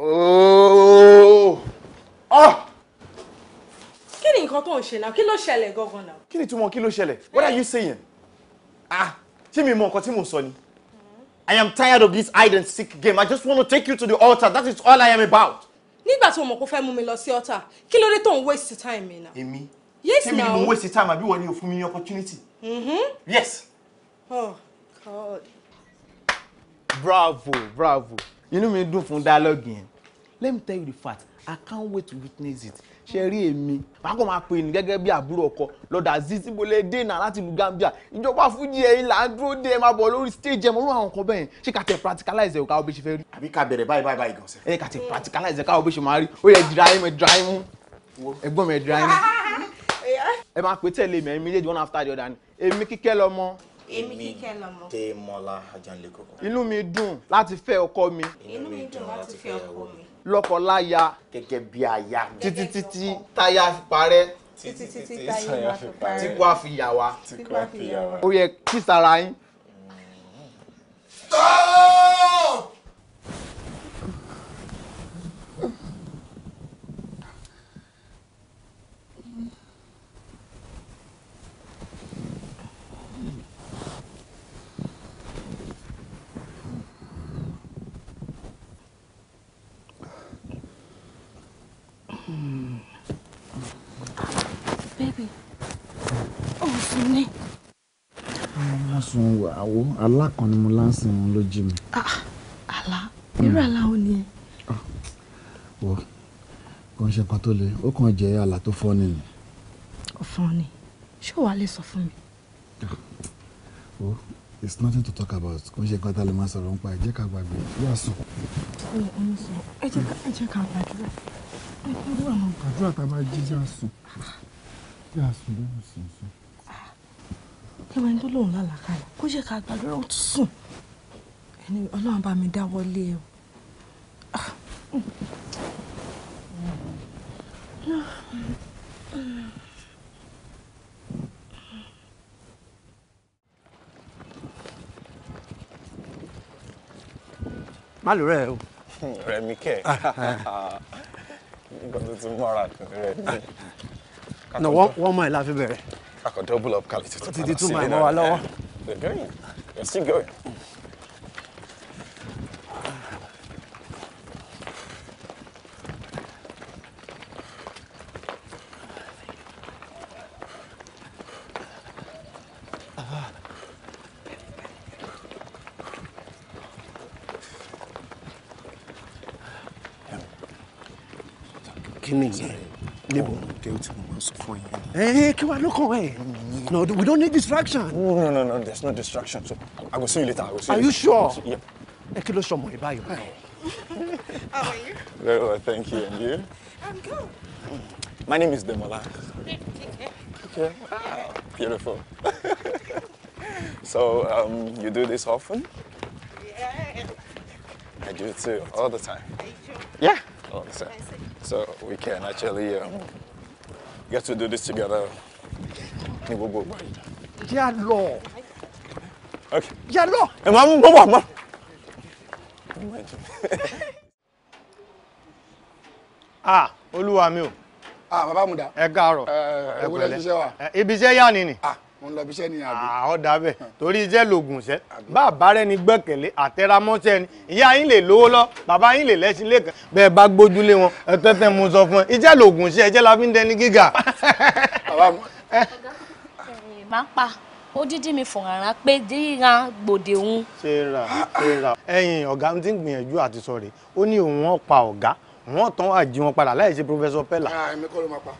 Oh! Ah! kí ni nǹkan tó ń ṣe náà kí ló ṣẹlẹ̀ gangan náà. kí ni túmọ̀ kí ló ṣẹlẹ̀ what are you saying? ah ṣé mi mọ nǹkan tí mò ń sọ ni. I am tired of this hide and seek game. I just want to take you to the altar. That is all I am about. Nígbà tí o mọ̀ kó fẹ́ mú mi lọ sí altar, kí ló dé tó ń waste time mi náà? Èmi? Yes now. Èmi ni mo waste time àbí wọ́n ní o fún mi ní opportunity? Mm-hmm. Yes. Oh God. Bravo, bravo inú mi dùn fún dialogue yẹn let me tell you the fact i can't wait to witness it ṣe rí èmi pàápàá máa pè ní gẹ́gẹ́ bí àbúrò ọkọ lọ́dà aziz ibole dènà láti ìlú Gambia ìjọba fújì ẹ̀yìn là ń dúró dé ẹ máa bọ̀ lórí stage ẹ̀ mọ̀ lórí àwọn nǹkan bẹ́ẹ̀ ṣé ká tẹ practicalize ẹ̀ káwọ́ bí ṣe fẹ́ rí. àbí ká bẹ̀rẹ̀ báyìí báyìí gan sẹ́. ẹ ká tẹ practicalize ẹ̀ káwọ́ bí ṣe máa rí ó yẹ dira yín mọ̀ dira yín mú ẹgbọ́n mi ẹ̀ dira ẹ máa pè after the other ni èmi kíkẹ́ èmi Dèmọ́lá Ajanlekoko. inú mi dùn láti fẹ́ ọkọ mi. inú mi dùn láti fẹ́ ọkọ mi. lọ́kọláya. gẹ́gẹ́ bí aya. títí títí táyà fi parẹ́. títí títí táyà fi parẹ́. tí wàá fi yà wá. tí wàá fi yà wá. ó yẹ kí sara yín. tọ́ọ̀. Mm. Baby. Ó sùn ni. Mo sùn àwo àlá kan ni mo láǹsìn òun ló jí mi. Àlá ah, irú àlá hmm. wo ni ẹ? Ah, Wọ́ kò ń ṣe nǹkan tó le, ó kàn jẹ́ àlá tó fọ́ ni ni. ṣé wàá lè sọ fún mi? Ah, Wọ́ it's nothing to talk about kò ń ṣe nǹkan tá a lè máa sọ̀rọ̀ nípa ẹ̀ jẹ́ ká gbàgbé yóò sùn. Ẹ jẹ́ ká gbàdúrà. Àdúrà tá a máa jí já sùn ṣé a sùn bẹ́ẹ̀ sùn sùn. kí wọ́n ń tó lòun lálàkàlà kó jẹ́ ká gbàdúrà ó tún sùn ẹni ọlọ́run bá mi dáwọ́lé ẹ o. Ah, mm. má lò rẹ o. rẹ mi kẹ nǹkan tó ti mọ́ra rẹ no one one mile a fi I can double up kalẹ̀ tuntun padà sílẹ̀ náà they're going they're still going. No, we don't need distraction. No, no, no, no, there's no distraction. So I will see you later. I will see Are you, you sure? See, yep. Ẹ kí ló sọ mọ̀ How are you? Very well, thank you. And you? I'm good. My name is Demola. okay. Wow. Beautiful. so um, you do this often? Yeah. I do too, all the time. Yeah, all the time. So we can actually um, get to do this together ní gbogbo ìgbà yìí. jẹ́ à lọ. jẹ́ à lọ. ẹ máa mú bọ́bọ̀ àmọ́. ah olúwa mi o. ah bàbá mu da. ẹ káàárọ̀ ẹ pẹ̀lẹ́ ni ah mo ń lọ ibiṣẹ́ ní àbí. àá ọ̀dà bẹ́ẹ̀ torí iṣẹ́ lògùn ṣẹ́ bàbá rẹ ni gbẹ̀kẹ̀lé àtẹramọ́ṣẹ́ ni ìyá yín lè lówó lọ bàbá yín lè lẹ́sìn lẹ́kàn bẹ́ẹ̀ bá gbójúlé wọn ẹ̀tẹ́tẹ́ mo sọ fún ẹ iṣẹ́ lògùn ṣẹ́ ẹ̀jẹ̀ la fi ń dẹni gíga. bàbá mi ìbápa ó dídí mi fọ̀nrara pé díra gbòde òun. ṣe rà ṣe rà ẹ̀yin ọ̀gá ti ń gbìyànjú àti sọ rè ó ní òun wọn pa ọ̀gá wọn tán àjí wọn padà láì ṣe professor pella. Ah,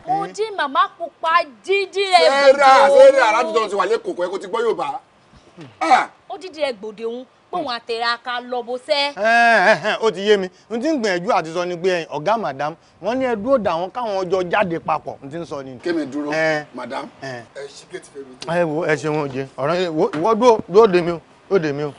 ó eh. dí màmá pupa dídí ẹ gbòde òun. ṣe rà ṣe rà aládùúgbò ti wà lẹ́kọ̀ọ́ kó ti gbọ́ Yorùbá. ó dídí ẹ gbòde òun pòun àtẹ̀rẹ̀ aka lọ bó sẹ́. ó ti yé mi n ti ń gbìyànjú àti sọ ni pé ọ̀gá madam wọ́n ní ẹ dúró dà wọ́n káwọn ọjọ́ jáde papọ̀ n ti ń sọ ni. kémi dúró madam ẹ ṣí kéètì fẹ́ mi tó. ẹ wo ẹ ṣeun oje ọ̀rọ̀ ìwọ dúró dúró dè mí o ó dè mí o.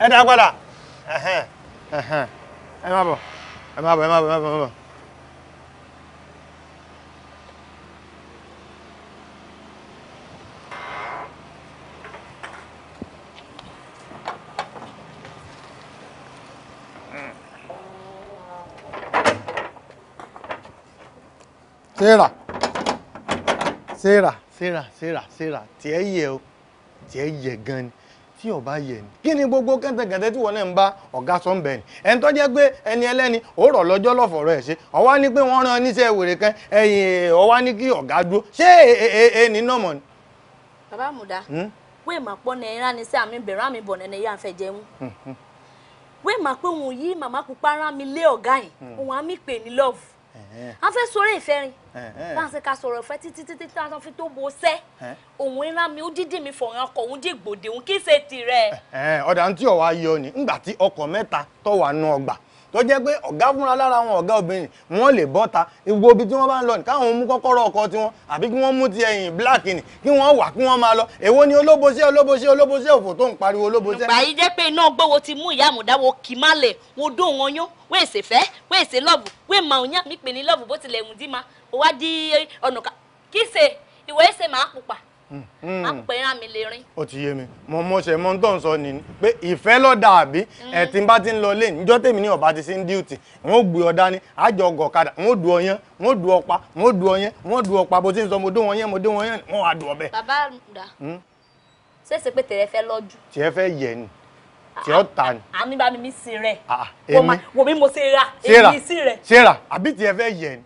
ẹ dá padà ẹ má bọ̀ ẹ má bọ̀ ẹ má bọ̀ ẹ má bọ̀. Sarah. Sarah, Sarah, Sarah, Sarah, tí ẹ yẹ o, tí ẹ yẹ gan ni, tí ò yẹ ni. Kí gbogbo kẹ́ntẹ̀kẹ́ntẹ́ tí wọ́n náà ń bá ọ̀gá sọ Ẹni jẹ́ pé ẹni ẹlẹ́ni rọ̀ lọ́jọ́ ṣe, ó wá pé wọ́n rán níṣẹ́ wèrè kí ọ̀gá dúró. Ṣé e, e, e, ni hmm? wé hmm, hmm. mi lé a fẹ́ sọ̀rọ̀ ìfẹ́ rin bá a ṣe ka sọ̀rọ̀ ìfẹ́ títí títí tí a fi tó bo sẹ́ òun ńlá mi ó dídì mi fọ̀ràn ọkọ̀ òun dì òun kì í ṣe tirẹ̀. ọ̀dà ń ọ̀ ọ̀wá yọ ni ńgbà tí ọkọ̀ mẹ́ta tọ́wà nù ọgbà tó jẹ́ pé ọ̀gá fúnra lára àwọn ọ̀gá obìnrin wọ́n lè bọ́ta gbogbo ibi tí wọ́n bá ń lọ ní káwọn mú kọ́kọ́rọ́ ọkọ tiwọn àbí kí wọ́n mú ti ẹ̀yìn black ni kí wọ́n wà kí wọ́n máa lọ èwo ni olóbosẹ́ olóbosẹ́ olóbosẹ́ òfò tó ń pariwo olóbosẹ́. ìgbà yìí jẹ́ pé iná gbówó ti mú ìyá àmùdáwò kì má lè wo dó wọn yán wéè ṣe fẹ́ wéè ṣe lọ́ọ̀bù wéè máa yán mi pè ní lọ́ọ̀bù bó tilẹ̀ ń ma ó wá di ọ̀nà kí ṣe ìwé má hmm. pè é rán mi lè rìn. ó ti yé mi mo mo ṣe mo ń tọ̀ ń sọ ni pé ìfẹ́ lọ́dà àbí hmm. ẹ̀ tí n bá ti ń lọ lé níjọ́ tèmi ní ọ̀bá ti sí ń díùtì n ó gbé ọ dání àjọ ọgọ̀kadà n ó du ọyán n ó du ọpa n ó du ọyán n ó du ọpa bó ti ń sọ mo dún wọn yán mo dún wọn yán wọn á dùn ọbẹ. bàbá dà hmm? ṣèṣe pé tèrè fẹ́ lọ́jú. tìẹ fẹ́ yẹ ni tí ó ta ni. àmì bá mi mi sí rẹ. wò mí mo ṣe ra èmi sí rẹ. ṣe ra àbí tìẹ fẹ́ yẹ ni.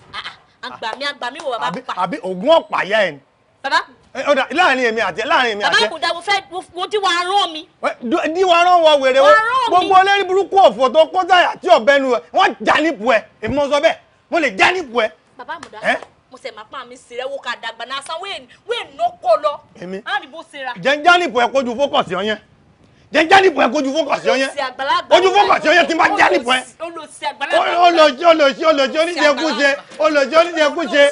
àgbà mi àgbà mi wò bàbá pa. àbí ògùn ọ̀pá yẹ ni. bàbá ọ̀dà láàrin èmi àti láàrin èmi àti. bàbá kò dáwọ fẹ wo tí wàá rán mi. di wàá rán wọ wèrè o gbogbo olórí burúkú ọ̀fọ̀ tó kó táyà tí ọ̀bẹ nu ẹ wọ́n já nípò ẹ èmi mo sọ bẹ́ẹ̀ mo lè já nípò ẹ. bàbá mo dá mo sẹ̀ máa pa mi sí rẹ̀ wo ká dàgbà náà san wéè ná kó lọ. èmi jẹ́ ń já nípò ẹ kojú fókọ̀sì ọyẹn jẹ́ ń já nípò ẹ kojú fókọ̀sì ọyẹn kojú fókọ̀sì ọyẹn tí n bá já nípò ẹ olòṣì olòṣì oníjẹkúṣe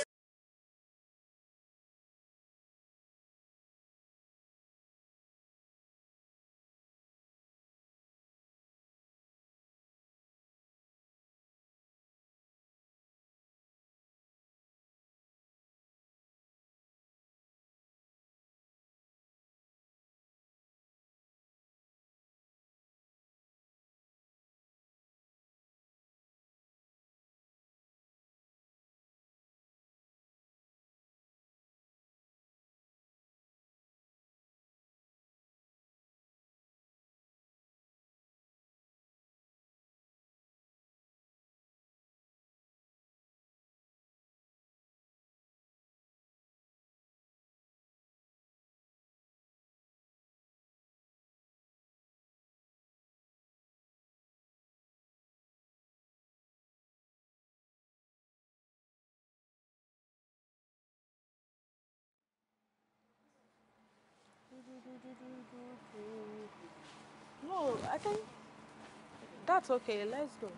No, I think that's okay. Let's go.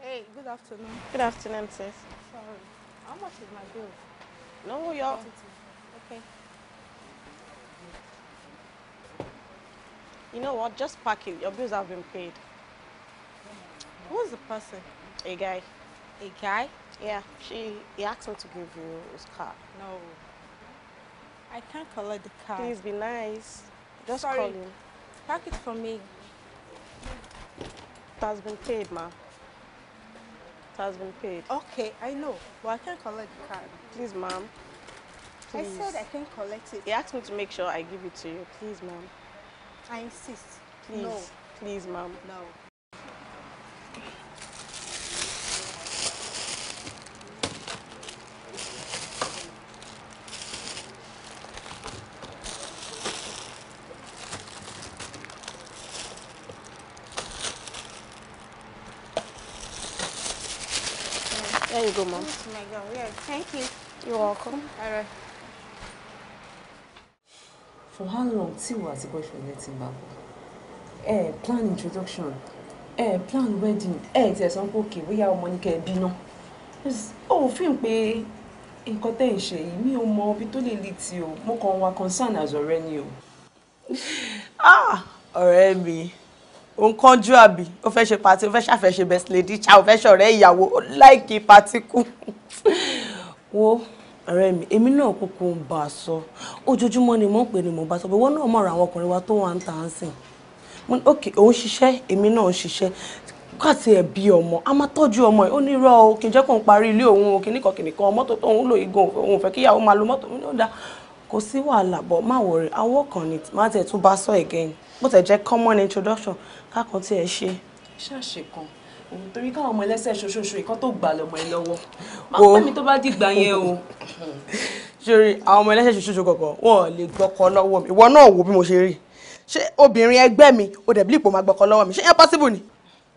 Hey, good afternoon. Good afternoon, sis. Sorry. How much is my bill? No, y'all. Okay. You know what? Just pack it. Your bills have been paid. Who's the person? A guy. A guy? Yeah, she, he asked me to give you his card. No. I can't collect the card. Please be nice. Just Sorry. call him. Pack it for me. It has been paid, ma. It has been paid. Okay, I know, but I can't collect the card. Please, ma'am. I said I can collect it. He asked me to make sure I give it to you. Please, ma'am. I insist. Please. No. Please, ma'am. No. go, Mom. Yes, thank you. You're welcome. All right. For how long till ìwọ àti boyfriend ẹ ti ń bá bọ̀? plan introduction, Eh, plan wedding, Eh, ti ẹ̀sán pé òkè bóyá ọmọ ní kẹ́ ẹ bí náà. Ó fíìmù pé nǹkan tẹ́ ẹ̀ ṣe yìí mi ò mọ ibi tó lè concern as ọ̀rẹ́ Ah! Ọ̀rẹ́ nǹkan ju àbí ó fẹ́ ṣe pati ó fẹ́ ṣàfẹ́ṣe best lady cha ó fẹ́ ṣọ̀rẹ́ ìyàwó ó láìkí pati kú wo ọ̀rẹ́ mi èmi náà kúkú ń bà á sọ ojoojúmọ́ ni mò ń pè ni mò ń bá sọ pé wọ́n náà mọ̀ràn àwọn ọkùnrin wa tó wà ń tà á sìn òkè òun ṣiṣẹ́ èmi náà ń ṣiṣẹ́ káàtì ẹ̀ bí ọmọ a máa tọ́jú ọmọ ẹ̀ ó ní irọ́ o kì í jẹ́ kó ń parí ilé òun o kì í níkan kì í kan mọ́tò tó ń lò igun òun fẹ́ kíyàwó máa lo mọ́tò mi ní ó dáa kò sí wàhálà bọ̀ má wọ̀rẹ̀ awọ́ kan ni má tẹ̀ tún bá sọ again bó tẹ̀ jẹ́ common introduction kákan tí ẹ ṣe. ṣáàṣì kan òun torí káwọn ọmọ ẹlẹ́sẹ̀ ṣoṣooṣo ìkan tó gbà lọ́mọ ẹ lọ́wọ́ máa pẹ́ mi tó bá dìgbà yẹn o. sori àwọn ọmọ ẹlẹ́sẹ̀ ṣoṣooṣo kọ̀ọ̀kan wọn ò lè gbọ́kọ lọ́wọ́ mi ìwọ náà wò bí mo ṣe rí ṣé obìnrin ẹgbẹ́ mi ò dẹ̀bí ipò máa gbọ́kọ lọ́wọ́ mi ṣé yẹn possible ni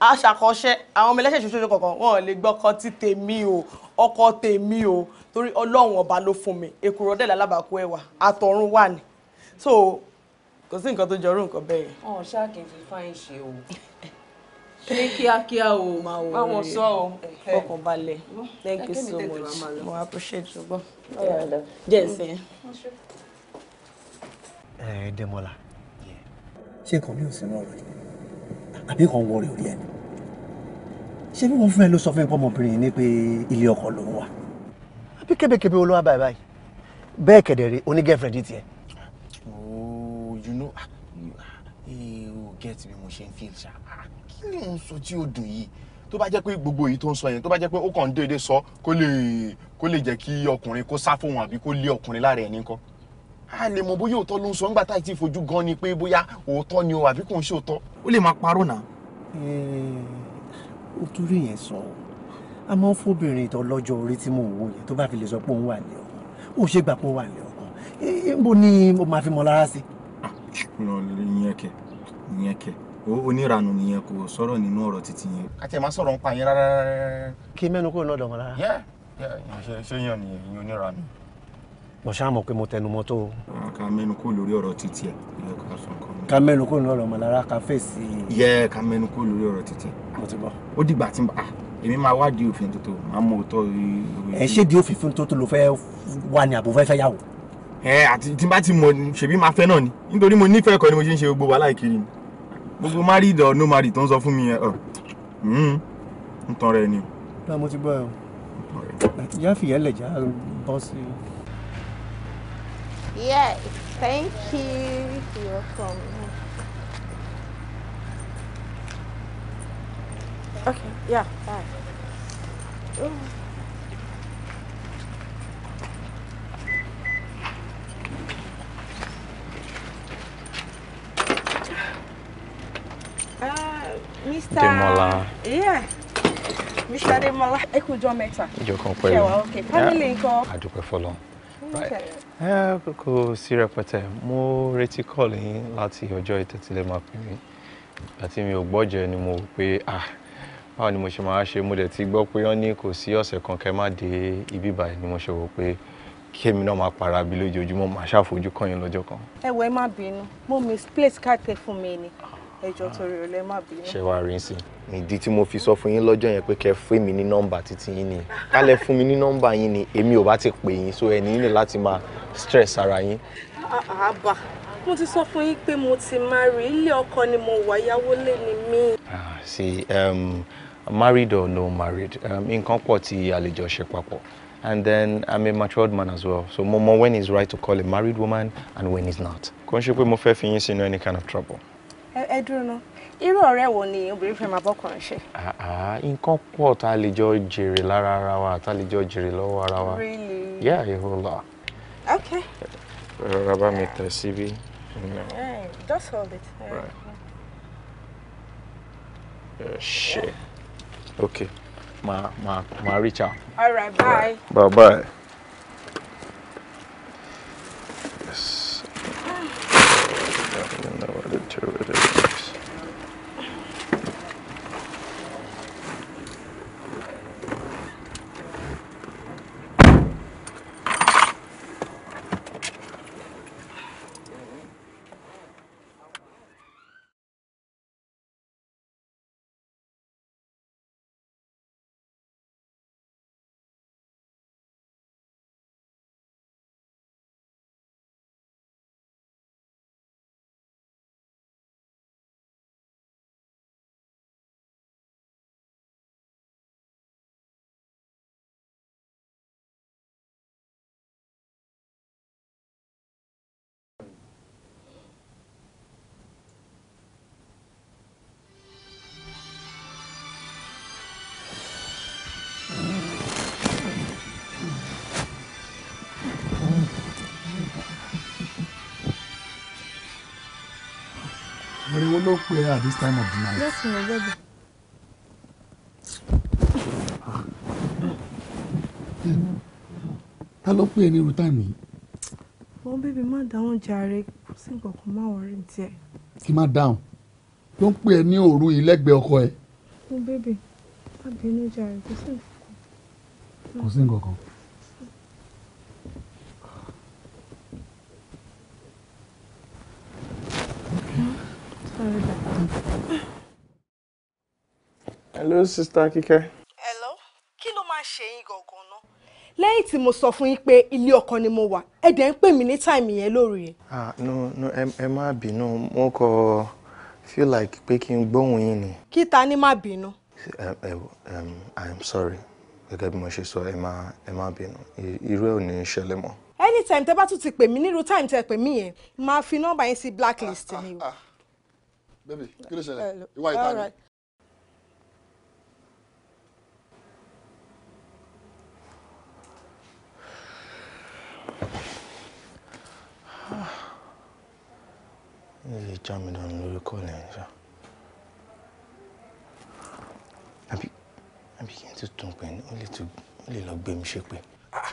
aṣàkọṣe àwọn ọmọ ẹlẹ́ṣẹ̀ ṣoṣo kọ̀ọ̀kan wọn ò lè gbọ́kọ tí tèmi o ọkọ tèmi o torí ọlọ́run ọba ló fún mi èkùrọ̀ dẹ̀ lálábàákú ẹ̀wà àtọ̀run wà ní so kò sí nǹkan tó jọrú nǹkan bẹ́ẹ̀ yẹn. ọ̀ ṣáà kì í fi fáyín ṣe o ṣé kíákíá o máa wò ó rè é fọkàn balẹ̀ thank you so much mo appreciate you, ṣùgbọ́n jẹ́ ẹ̀sìn. ẹ ẹ Dẹ́mọ́lá ṣé nǹkan mi ò sínú ọ̀rọ̀ yìí àbí kan wọrẹ orí ẹni ṣé bí wọn fún ẹ ló sọ fún ẹ pọmọbìnrin yìí ni pé ilé ọkọ lòún wà àbí kébékébé olówó báyìí báyìí bẹ́ẹ̀ kẹ̀dẹ̀ rè oní girlfriend tiẹ̀ get bí mo ṣe ń feel ṣá ah, kí ni òun sọ tí ó dùn yìí tó bá jẹ́ pé gbogbo èyí tó ń sọ yẹn tó bá jẹ́ pé ó kàn ń déédéé sọ kó lè kó lè jẹ́ kí ọkùnrin kó sá fóun àbí kó lé ọkùnrin lára ẹ̀ nìkan a lè mọ bóyá òótọ́ ló ń sọ nígbà táì tí ì fojú gan ni pé bóyá òótọ́ ni o àbí kò ń ṣe òótọ́. ó lè máa parọ́ náà. ó torí yẹn sọ a máa ń fóbìnrin tó lọ́jọ́ orí tí mò ń wò yẹn tó bá fi lè sọ pé òun wà lé ọkàn ó ṣe gbà pé òun wà lé ọkàn níbo ni mo máa fi mọ lára sí. Ah, ìyẹn kẹ ìyẹn kẹ oníranù nìyẹn kò sọ̀rọ̀ nínú ọ̀rọ̀ títí yẹn. ká tiẹ̀ máa sọ̀rọ̀ ń pa yín rárá. kí mẹ́nu kúrò náà dọ̀wọ́n rárá. ṣé yàn nìyẹn ìyẹn oníranù. mo ṣáà mọ̀ pé mo tẹnu mọ́ tó. ká mẹ́nu kúrò lórí ọ̀rọ̀ títí ẹ̀ ìyẹn ká sọ nǹkan. ká mẹ́nu kúrò lọ́rọ̀ mọ̀ lára ká fèsì. yẹ ká mẹ́nu kúrò lórí ọ̀rọ̀ títí. mo ti bọ̀. ó dìgbà tí ah, èmi máa wá di òfin tuntun máa mọ òótọ́. Eh, ẹ ṣé di òfin tuntun ló fẹ́ wà ní àbò fẹ́fẹ́ yàwó ẹ àti tí n bá ti mọ ṣèbí máa fẹ́ náà ni nítorí mo nífẹ̀ẹ́ ẹ̀kọ́ ni mo ṣe ń ṣe gbogbo wàhálà ìkiri ni gbogbo married or no married tó ń sọ fún mi ẹ hmm, ń tan rẹ ni. náà mo ti gbọ́ ẹ o ìyá fìyà lẹ̀ já bọ́ sí i. yeah thank you you're welcome. okay yeah bye. Ooh. Mr. Demola. Yeah. Mr. Demola. Ẹ kú jọ mẹ́ta. Ìjọ kan pẹ̀lú. Ṣẹ̀wá ok. Family nǹkan. Àdúpẹ́ fọlọ́n. Ẹ kò sí rẹpẹtẹ, mo retí kọ́ọ̀lù yín láti ọjọ́ ìtẹ̀tílẹ̀ máa pè mí. Àti mi ò gbọ́jẹ ni mo rò pé ah báwo ni mo ṣe máa ṣe mo dẹ̀ ti gbọ́ pé wọ́n ní kò sí ọ̀sẹ̀ kan kẹ́ má dé ibí báyìí ni mo ṣe rò pé kí èmi náà máa para bí lójoojúmọ́ máa ṣàfojú kan yín lọ́jọ́ kan. Ẹ wọ má bínú mo misplace káàtẹ fún mi ni ẹjọ́ ah. torí ọlẹ má bínú. ṣé wàá rí sí i. ìdí tí mo fi sọ fún yín lọ́jọ́ yẹn pé kẹ́ fún mi ní nọ́mbà títí yín ni kálẹ̀ fún mi ní nọ́mbà yín ni èmi ò bá ti pè yín so ẹni nílò láti máa stress ara yín. Ah, ah, àbá mo ti sọ fún yín pé mo ti máa rí ilé ọkọ ni mo wà yáwó lé ni mí. see um, married or no married um, nǹkan pọ̀ tí àlejò ṣe papọ̀ and then I'm a matured man as well. So mo mọ when it's right to call a married woman and when it's not. Kò ń ṣe pé mo fẹ́ fi yín sínú any kind of trouble ẹ dúró ná irú ọ̀rẹ́ wo ni obìnrin fẹ́ máa bọ́kùnrin ṣe. Ah, ah, nǹkan pọ̀ tá a lè jọ jèrè lára ara wa tá a lè jọ jèrè lọ́wọ́ ara wa. really yeah a whole lot. okay. rárá bá mi tẹ̀ síbí. just hold it. Right. Right. Yeah, shit. Yeah. okay ma ma ma reach out. all right bye. bye bye. Yes. nothing in the order to it. ariwo ló pè é at this time of the night. yes baby. ta ló pè é ní irú táìmù yìí. wọn bíbí má dáhùn jàre kò sí nǹkan kan má wọrí díẹ̀. kí má dáhùn ló ń pè é ní òru yìí ọkọ ẹ̀. mo bèbè má bínú jàre kò sí nǹkan kan. kò sí hello sister kíkẹ́. hello kí ló máa ṣe yín gangan náà. lẹ́yìn tí mo sọ fún yín pé ilé ọkọ ni mo wà ẹ dẹ̀ ń pè mí ní táìmì yẹn lórí ẹ. ah no no ẹ má bínú mo kọ feel like pé kí n gbóhùn yín ni. kí ta ni má bínú. i'm sorry gẹ́gẹ́ bí mo ṣe sọ ẹ má ẹ má bínú irú ẹ̀ ò ní ṣẹlẹ̀ mọ́. anytime tẹ bá tún ti pè mí nírú time tẹ pè mí yẹn máa fi nọ́mbà yín sí blacklist ni o. Ah, ah, ah. kí ló ṣẹlẹ̀ ìwà ìta ni. ẹ lè já mi dànù lórí kọ́ọ̀lù ẹ̀ ṣá àbí àbí kí n ti tún pè ní ó lè tún ó lè lọ gbé mi ṣépè. Ah,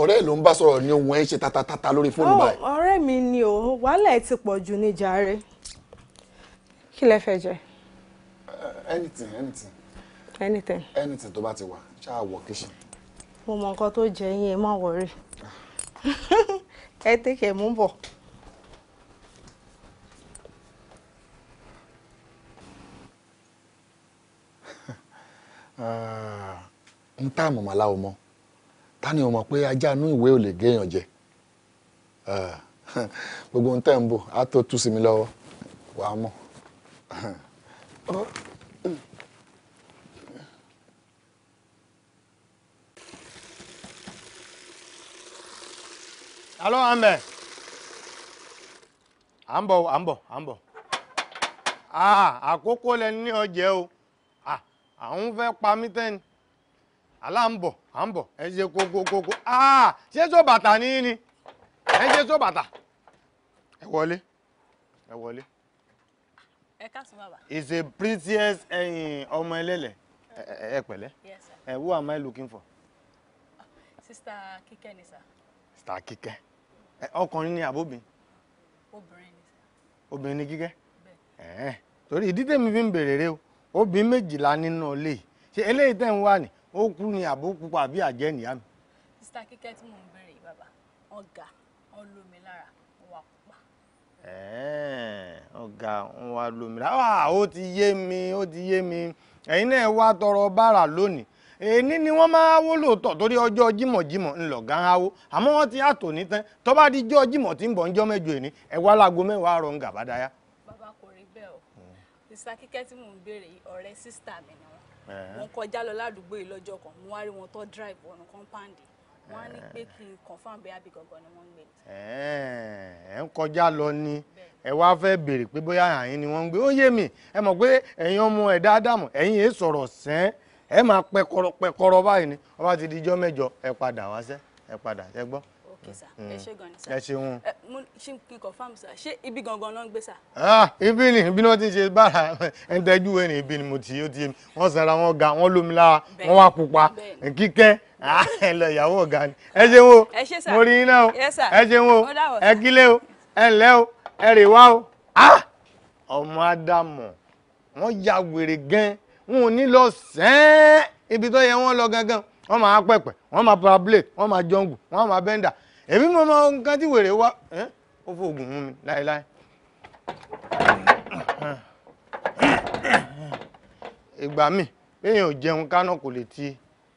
ọ̀rẹ́ ẹ̀ ló ń bá sọ̀rọ̀ ní ohun ẹ̀ ń ṣe tatatata lórí fóònù oh, báyìí. ọ̀rẹ́ mi ni o wàhálà ẹ̀ ti pọ̀ jù ní jàre kí lẹ fẹ́ jẹ. Eh, anything anything. anything. anything tó bá ti wà ṣáà wọ kíṣìn. mo mọ nǹkan tó jẹ yín ẹ má wọrí ẹ tẹkẹ mú bọ̀. ń ah, tá àmọ̀mọ̀lá o mọ ta ni o mọ̀ pé ajá inú ìwé ò lè géèyàn jẹ ah, gbogbo ohun tẹ́ ń bò á tó tú sí mi lọ́wọ́ wà á mọ̀. Oh. alo ambẹ à ń bọ̀ à ń bọ̀ à ń bọ̀ àkókò lẹ ní o. àwọn fẹ́ pa mí tẹ́ni aláǹbọ̀ à ẹ ṣe kókókókó ṣé ni ẹ ṣe bàtà ẹ wọlé ẹ wọlé. a prettiest eh, ọmọ ẹlẹ́lẹ̀ ẹ pẹ̀lẹ́ ẹ eh, who am I looking for. sista kíkẹ́ ni sista kíkẹ́ eh, ni ni obìnrin ni kíkẹ́. bẹ́ẹ̀ torí ìdí tèmi fi o. obìnrin méjìlá nínú ilé ṣe eléyìí tẹ̀ ń wà ní ó kú ni àbó pupa àbí àjẹ́ nìyá mi. sista kíkẹ́ tí mò ń bẹ̀rẹ̀ yìí bàbá ọ̀gá ọlómi lára wà pupa. ọ̀gá wa lómi lára ah, ó ti yé mi ó ti yé mi ẹ̀yin náà wá tọrọ bára lónìí èní ni wọn máa wó lóòótọ́ torí ọjọ́ jímọ̀jímọ̀ ńlọ̀gá ń háwó àmọ́ ti àtò ní tán di jọ́ jímọ̀ tí ń bọ̀ ń jọ́ mẹ́jọ èní ẹ̀ wá láago mẹ́wàá rọ ń gàbádáyà. sista kíkẹ́ tí mò ń béèrè ọ̀rẹ́ sísítà mi ni wọ́n wọ́n kọjá lọ ládùúgbò yìí lọ́jọ́ kan mo wá rí wọn tó drive ọ̀nà kọ́ńpáǹdì wọ́n á ní pé kí n confam bí abí gangan ni wọ́n ń gbé. ẹ ń kọjá lọ ni ẹ wá fẹ́ béèrè pé bóyá àyín ni wọ́n ń gbé ó yé mi ẹ mọ̀ pé ẹ̀yin ọmọ ẹ̀dá dàmú ẹ̀yin èé sọ̀rọ̀ sẹ́n ẹ máa pẹkọrọ pẹkọrọ báyìí ni wọ́n bá ti di ijọ́ mẹ́jọ ẹ padà wá sẹ́ ẹ padà ẹ gbọ́ òkè sà mm. ẹ ṣe gan ni sà ẹ ṣeun. mo ṣe kí n confam sà ṣé ibi gangan náà ń gbé sà. Ah, ibi ni ibi náà ti ṣe bára ẹntẹjú ẹni ibi ni mo ti yé ti wọn sanra wọn ga wọn lómi lára wọn wá pupa kíkẹ́ ah, ẹ lọ ìyàwó ọ̀gá ni ẹ ṣeun o mo rí iná o ẹ ṣeun o ẹ kílẹ̀ o ẹ ǹlẹ́ o ẹ rè wá o ah! ọmọ ádámọ̀ wọ́n ya wèrè gan wọn ò ní lọ sẹ́ẹ́ ibi tó yẹ wọ́n lọ gangan wọ́n máa pẹ̀pẹ̀ wọ́n máa parablate wọ́n máa jọ́ngù wọ́n máa bẹ́ńdà èmi mo mọ nǹkan tí wèrè wá ó fòògùn mú mi láéláé ìgbà míì béèyàn ò jẹun kánà kò lè ti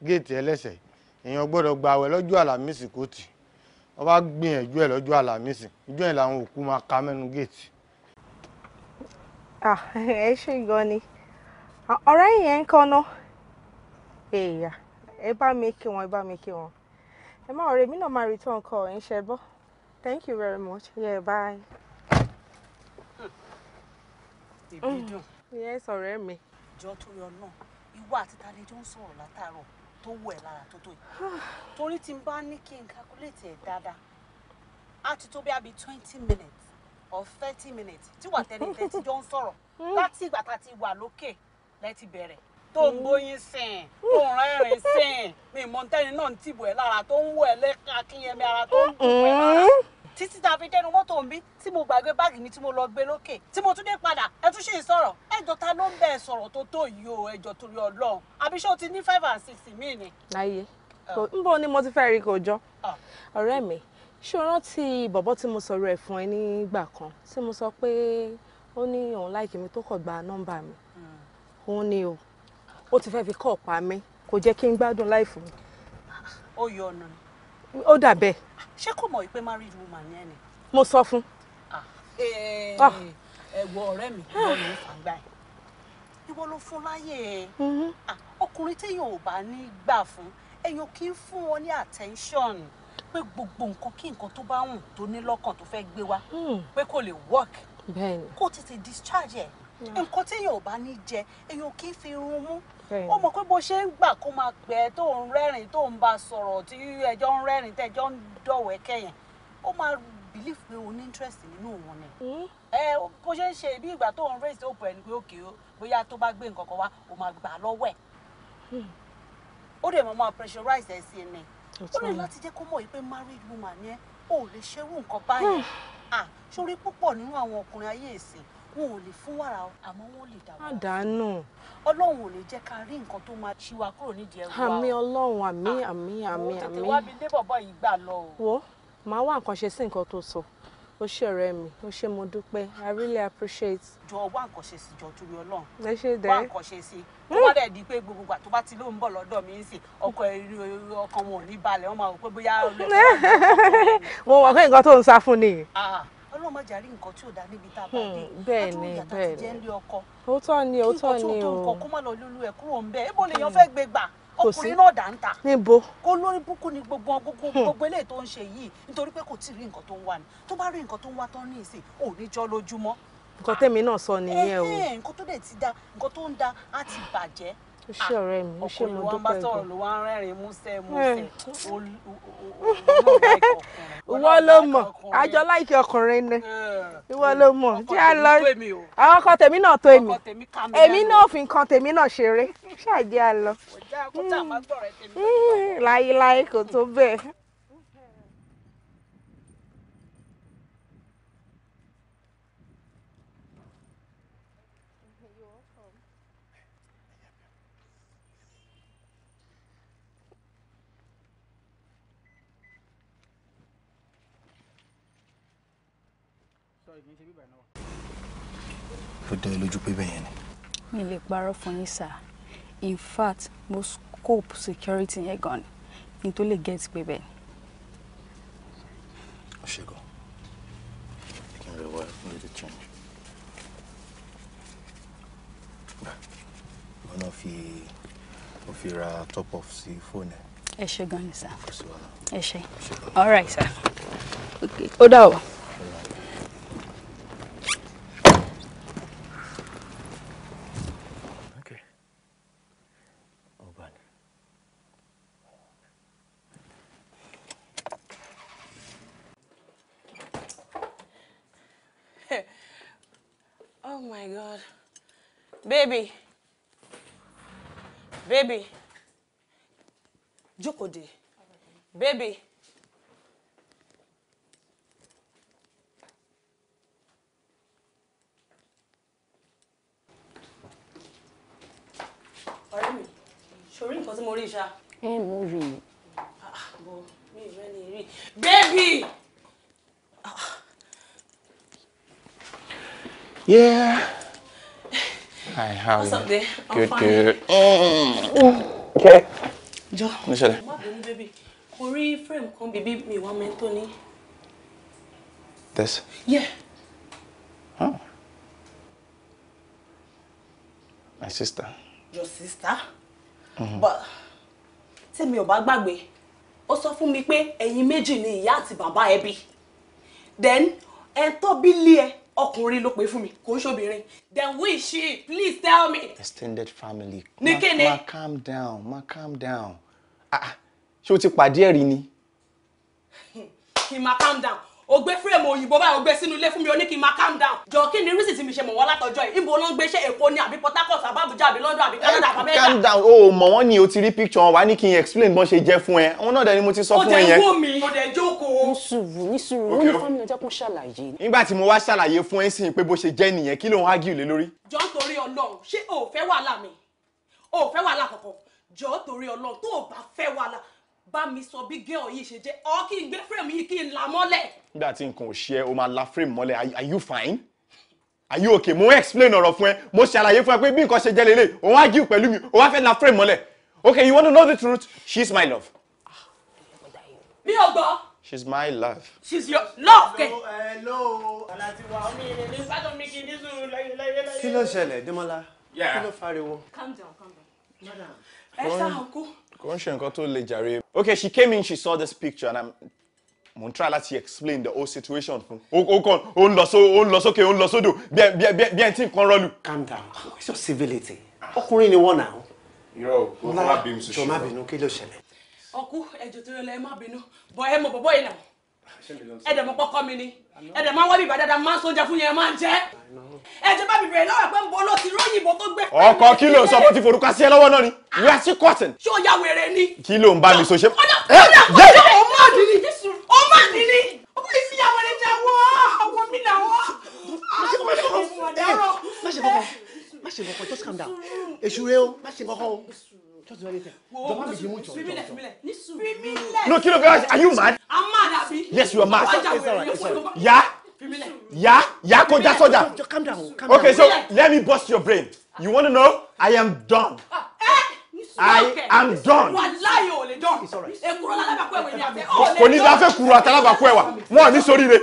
géètì ẹlẹ́sẹ̀ èèyàn gbọ́dọ̀ gba àwẹ̀ lọ́jọ́ àlàmísì kò tì wọ́n bá gbìyànjú ẹ̀ lọ́jọ́ àlàmísì ìjọ yẹn làwọn òkú máa ka mẹ́nu géètì. Ah, ẹ ṣe gan ni ọ̀rẹ́ yẹn ń kọ́nà èèyàn ẹ bá mi kí wọn ẹ bá mi kí wọn ẹ má ọ̀rẹ́ mi náà máa return call ẹ̀ ń ṣe bọ́ thank you very much yeah bye. ìbí dùn. ìyẹn mm. sọ̀rọ̀ ẹ̀ mi. ìjọ tó yọ náà ìwọ àti tani jọ ń sọ̀rọ̀ látàárọ̀ tó wù ẹ́ lára tó tó yìí torí tí n bá ní kí n calculate ẹ̀ dáadáa á ti tó bí abi twenty minutes or thirty minutes tí wà tẹ́ni tẹ́tí jọ ń sọ̀rọ̀ mm. láti ìgbà tá a ti wà lókè lẹ́ti bẹ̀rẹ̀ tó ń bóyin sìn tó ń rẹ́rìn sìn mi mọ̀ntẹ́ni náà ń tìbò ẹ̀ lára tó ń wọ ẹ̀ lẹ́ka kíyẹmí ara tó ń bò ẹ̀ lára títí tá a fi dẹnu mọ́tò mi tí mo gbàgbé báàgì mi tí mo lọ gbé lókè tí mo tún dé padà ẹ tún ṣì ń sọ̀rọ̀ ẹjọ́ ta ló ń bẹ̀ sọ̀rọ̀ tó tó yìí o ẹjọ́ torí Ọlọ́run àbí ṣé o ti ní five and six mi ni. láyé ah. nbọ ni mo ti fẹ́ rí kò jọ ah. ọ̀rẹ́ mi ṣé o rántí bọ̀bọ̀ tí mo sọ̀rọ̀ ẹ̀ fún ẹ nígbà kan tí mo sọ pé ó ní òun láìkí mi tó kọ̀ gba nọ́mbà mi hmm. òun ni o ó ti fẹ́ fi kọ́ ọ̀pá mi kò jẹ́ kí n gbádùn láìfò mi. ó yọ ọ̀nà ni. ó dà bẹ́ẹ̀. ṣé kò mọ̀ wípé married woman ni ni. mo sọ fún. Ah, ah. Eh, eh, ẹ̀wọ̀ ọ̀rẹ́ mi ìwọ ló ń fàgbà ẹ̀ ìwọ ló fún láyè ẹ̀ mm-hmm. ah, ọkùnrin téèyàn ò bá ní gbà fún èèyàn kì í fún wọn ní attention pé gbogbo nǹkan kí nǹkan tó bá wù tó ní lọ́kàn tó fẹ́ gbé wá hmm. pé kò lè work kó tètè discharge ẹ̀ nǹkan téèyàn ò bá ní jẹ èèyàn kì í fi irun mú ó mọ̀ pé bó ṣe ń gbà kó máa pẹ́ tó ń rẹ́rìn tó ń bá a sọ̀rọ̀ tí ẹjọ́ ń rẹ́rìn tẹ́jọ́ ń dọ̀wẹ́kẹ̀ yẹn ó máa believe pé o ní interest nínú òun ni hmm? ẹ bó ṣe ń ṣe bí ìgbà tó ń raise open. ẹni pé òkè o bóyá tó bá gbé nǹkan kan wá o máa gbà lọ́wọ́ ẹ̀ hmm. ó dẹ̀ mọ̀ máa pressurize ẹ̀ sí ni ó ní láti jẹ́ kó mọ̀ yìí pé married woman yẹn ò lè ṣerú nǹkan báyẹn ah hmm. ṣorí púpọ̀ nínú àwọn ọkùnrin ayé ìsìn wọn ò lè fún wàrà o wọn lè dà àdánù. ọlọ́run ò lè jẹ́ ká rí nǹkan tó máa ṣí wa kúrò nídìí ẹrù wa. àmì ọlọ́run àmì àmì àmì àmì. tètè wá mi lé bọ̀bọ̀ yìí gbà lọ wo màá wá nǹkan ṣe sí nǹkan tó sọ ó ṣe ọ̀rẹ́ mi ó ṣe mo dúpẹ́ i really appreciate. jọ wá nǹkan ṣe sí jọ torí ọlọ́run. ẹ ṣe dẹ wá nǹkan ṣe sí tó bá dẹ̀ di pé gbogbo ìgbà bá ti ló ń bọ̀ lọ́dọ̀ mi sí ọkọ eré ọkàn wọn ò ní balẹ̀ wọn máa wò pé bóyá. wọn wọ pé nǹkan tó ń sá fún nìyí ọlọ́mọ jàrí nǹkan tí ò dá níbi tá a bá hmm, dé bẹ́ẹ̀ ni bẹ́ẹ̀ ni ó tọ́ ni ó tọ́ ni o kí nǹkan tó tó nǹkan kó má lọ lúlu ẹ̀ kúrò ń bẹ́ẹ̀ ebo hmm. lèèyàn fẹ́ gbé gbà ọkùnrin náà dà ń ta níbo kó lórí búkú ni gbogbo gbogbo hmm. gbogbo eléyìí tó ń ṣe yìí nítorí pé kò tí ì rí nǹkan tó ń wá ni tó bá rí nǹkan tó ń wá tán ní ò ní jọ lójúmọ́. nǹkan tẹ́mi náà sọ nìyẹn o. nǹkan tó dẹ̀ ti da nǹkan tó ń da á ti bàjẹ́ ó ṣe ọ̀rẹ́ mi ó ṣe mo dúpẹ́ gan. ọkùnrin wa ń bá sọ̀rọ̀ ló wá ń rẹ́rìn-ín músẹ́ músẹ́ ìwọ ló mọ̀ àjọ láìkí ọkùnrin ni ìwọ ló mọ̀ tí a lọ àwọn ọkọ tèmi náà tó èmi èmi náà fi nǹkan tèmi náà ṣeré ṣáà jẹ́ a lọ láéláé kò tó bẹ́ẹ̀. tó dẹ́ lójú pé bẹ́ẹ̀ yẹn ni. mi lè parọ́ fún yín sir in fact mo scope security yẹn gan ni kí n tó lè get pé bẹ́ẹ̀ ni. ó ṣe gan ẹ kí n rẹ change. wọn náà fi ó fi ra top off sí fóònù ẹ. ẹ ṣe gan ni sir ẹ ṣe all right sir ó dà wọ. Baby. Jókòó Baby. Ọ̀rẹ́ mi, ṣorí nǹkan tí mo rí ṣá. Ẹ mo rí ah, i. Baby! Ah. Yeah good good. Mm. jọ ní ṣẹlẹ̀. mo rí frame kan bíbí mi wá mẹ́tò ní. this. yeah. Huh. Oh. My sister. Your sister? Mm-hmm. But tí me ò bá gbàgbé, ó sọ fún mi pé ẹ̀yin méjì ni ìyá àti Baba Ebi. Then ẹn tó bí lé ẹ ọkùnrin ló pè fún mi kò ń ṣobìnrin then who she please tell me. extended family. ní kíni. ma calm down ma calm down ah, ah ṣé o ti pàdé ẹ̀rí ni. He ma calm down o gbé fúrẹ́mù òyìnbó báyìí o gbé sínú ilé fún mi o ní kí n máa calm down. jọ kí ni rísì tí mi ṣe mọ̀ wọ́n látọjọ́ yìí ibo ló ń gbé ṣe èkó ni àbí Port Harcourt àbí Abuja àbí London àbí Canada àbí America. calm down o mọ̀ wọ́n ni o ti rí picture wọn wá ní kí n explain bọ́n ṣe jẹ́ fún ẹ òun náà dẹ̀ ni mo ti sọ fún ẹ yẹn. o jẹ wó mi o dẹ̀ jókòó. ní sùúrù ní sùúrù ó ní fámìlì ọjọ́ kó ṣàlàyé. nígbà tí mo wá ṣàlàyé fún ẹ sìn pé bó ṣe jẹ́ nìyẹn kí ló ń hágìlì lé lórí. jọ torí Ọlọ́run ṣé o ò fẹ́ wàhálà mi o ò fẹ́ wàhálà kankan jọ torí Ọlọ́run tó o bá fẹ́ wàhálà bá mi sọ bí girl yìí ṣe jẹ́ ọ kí n gbé frame yìí kí n là mọ́lẹ̀. nígbà tí nǹkan ò ṣe o máa la frame mọ́lẹ̀ are you fine are you okay mo explain ọ̀rọ̀ fún ẹ mo ṣàlàyé fún ẹ pé bí nǹkan ṣe jẹ́ lélẹ̀ òun á jíù pẹ̀lú mi òun á fẹ́ la frame mọ́lẹ̀ okay you wanna know the truth she's my love. mi ò gbọ́. she's my love. she's your love kẹ. hello alatiwa omi ìrìnnì sádùn mi kì í ní sùn lẹ́yìnlẹ́yìn. kí ló ṣẹlẹ̀ Dẹ́mọ́lá kí ló fariwo. calm down calm down madam. ẹ ṣáà kú kò ṣe nǹkan tó le jàre. okay she came in she saw this picture and i'm mo ń try explain the whole situation fún o kàn o ń lọ so o ń lọ sókè o ń lọ sódò bí ẹ bí ẹ tí nǹkan rọlù. calm down it's your civility ọkùnrin ni wọn náà. irọ́ o kò má bínú sí ṣe. jọ má bínú kí ló ṣẹlẹ̀. ọkú ẹjọ tó yọ lọ ẹ má bínú bọ ẹ mọ bọbọ yìí náà ẹ dẹ̀ mọ pọ́kọ́ mi ni ẹ dẹ̀ máa wá bíbá dáadáa máa ń sóúnjẹ fún yẹn máa ń jẹ́ ẹ jẹ́ bá bìbẹ̀rẹ̀ lọ́wọ́ pé ń bo ló ti róyìnbó tó gbé. ọkọ kí ló ń sọ bó ti forúkọ sí ẹ lọ́wọ́ náà ni wíwá sí kọ́tìn. ṣé o ya wèrè ni. kí ló ń bá mi so ṣe. ọ̀dà ọ̀dà ọ̀dà ọmọ àdìrí ọmọ àdìrí ọmọ ìsìn ìyàwó rẹ jẹ wọ́ ọmọ mi là wọ́. má ṣe kọ́kọ́ má ṣe kọ́kọ́ just calm down èṣù rẹ o má ṣe kọ́kọ́ o just No, kí ló are you mad? I'm mad Abby. Yes, you are mad. Yeah. Yeah. Yeah. Koja soja. Calm down. Okay, so let me bust your brain. You want to know? I am dumb. Ah, eh. I am done. Wàláyé ò lè dán. Èkúrò lálábàkú ẹ̀wẹ̀ ni àbẹ̀. Kò ní dáfẹ́ kúrò àtàlábàkú ẹ̀wà. Wọ́n ní sóríire.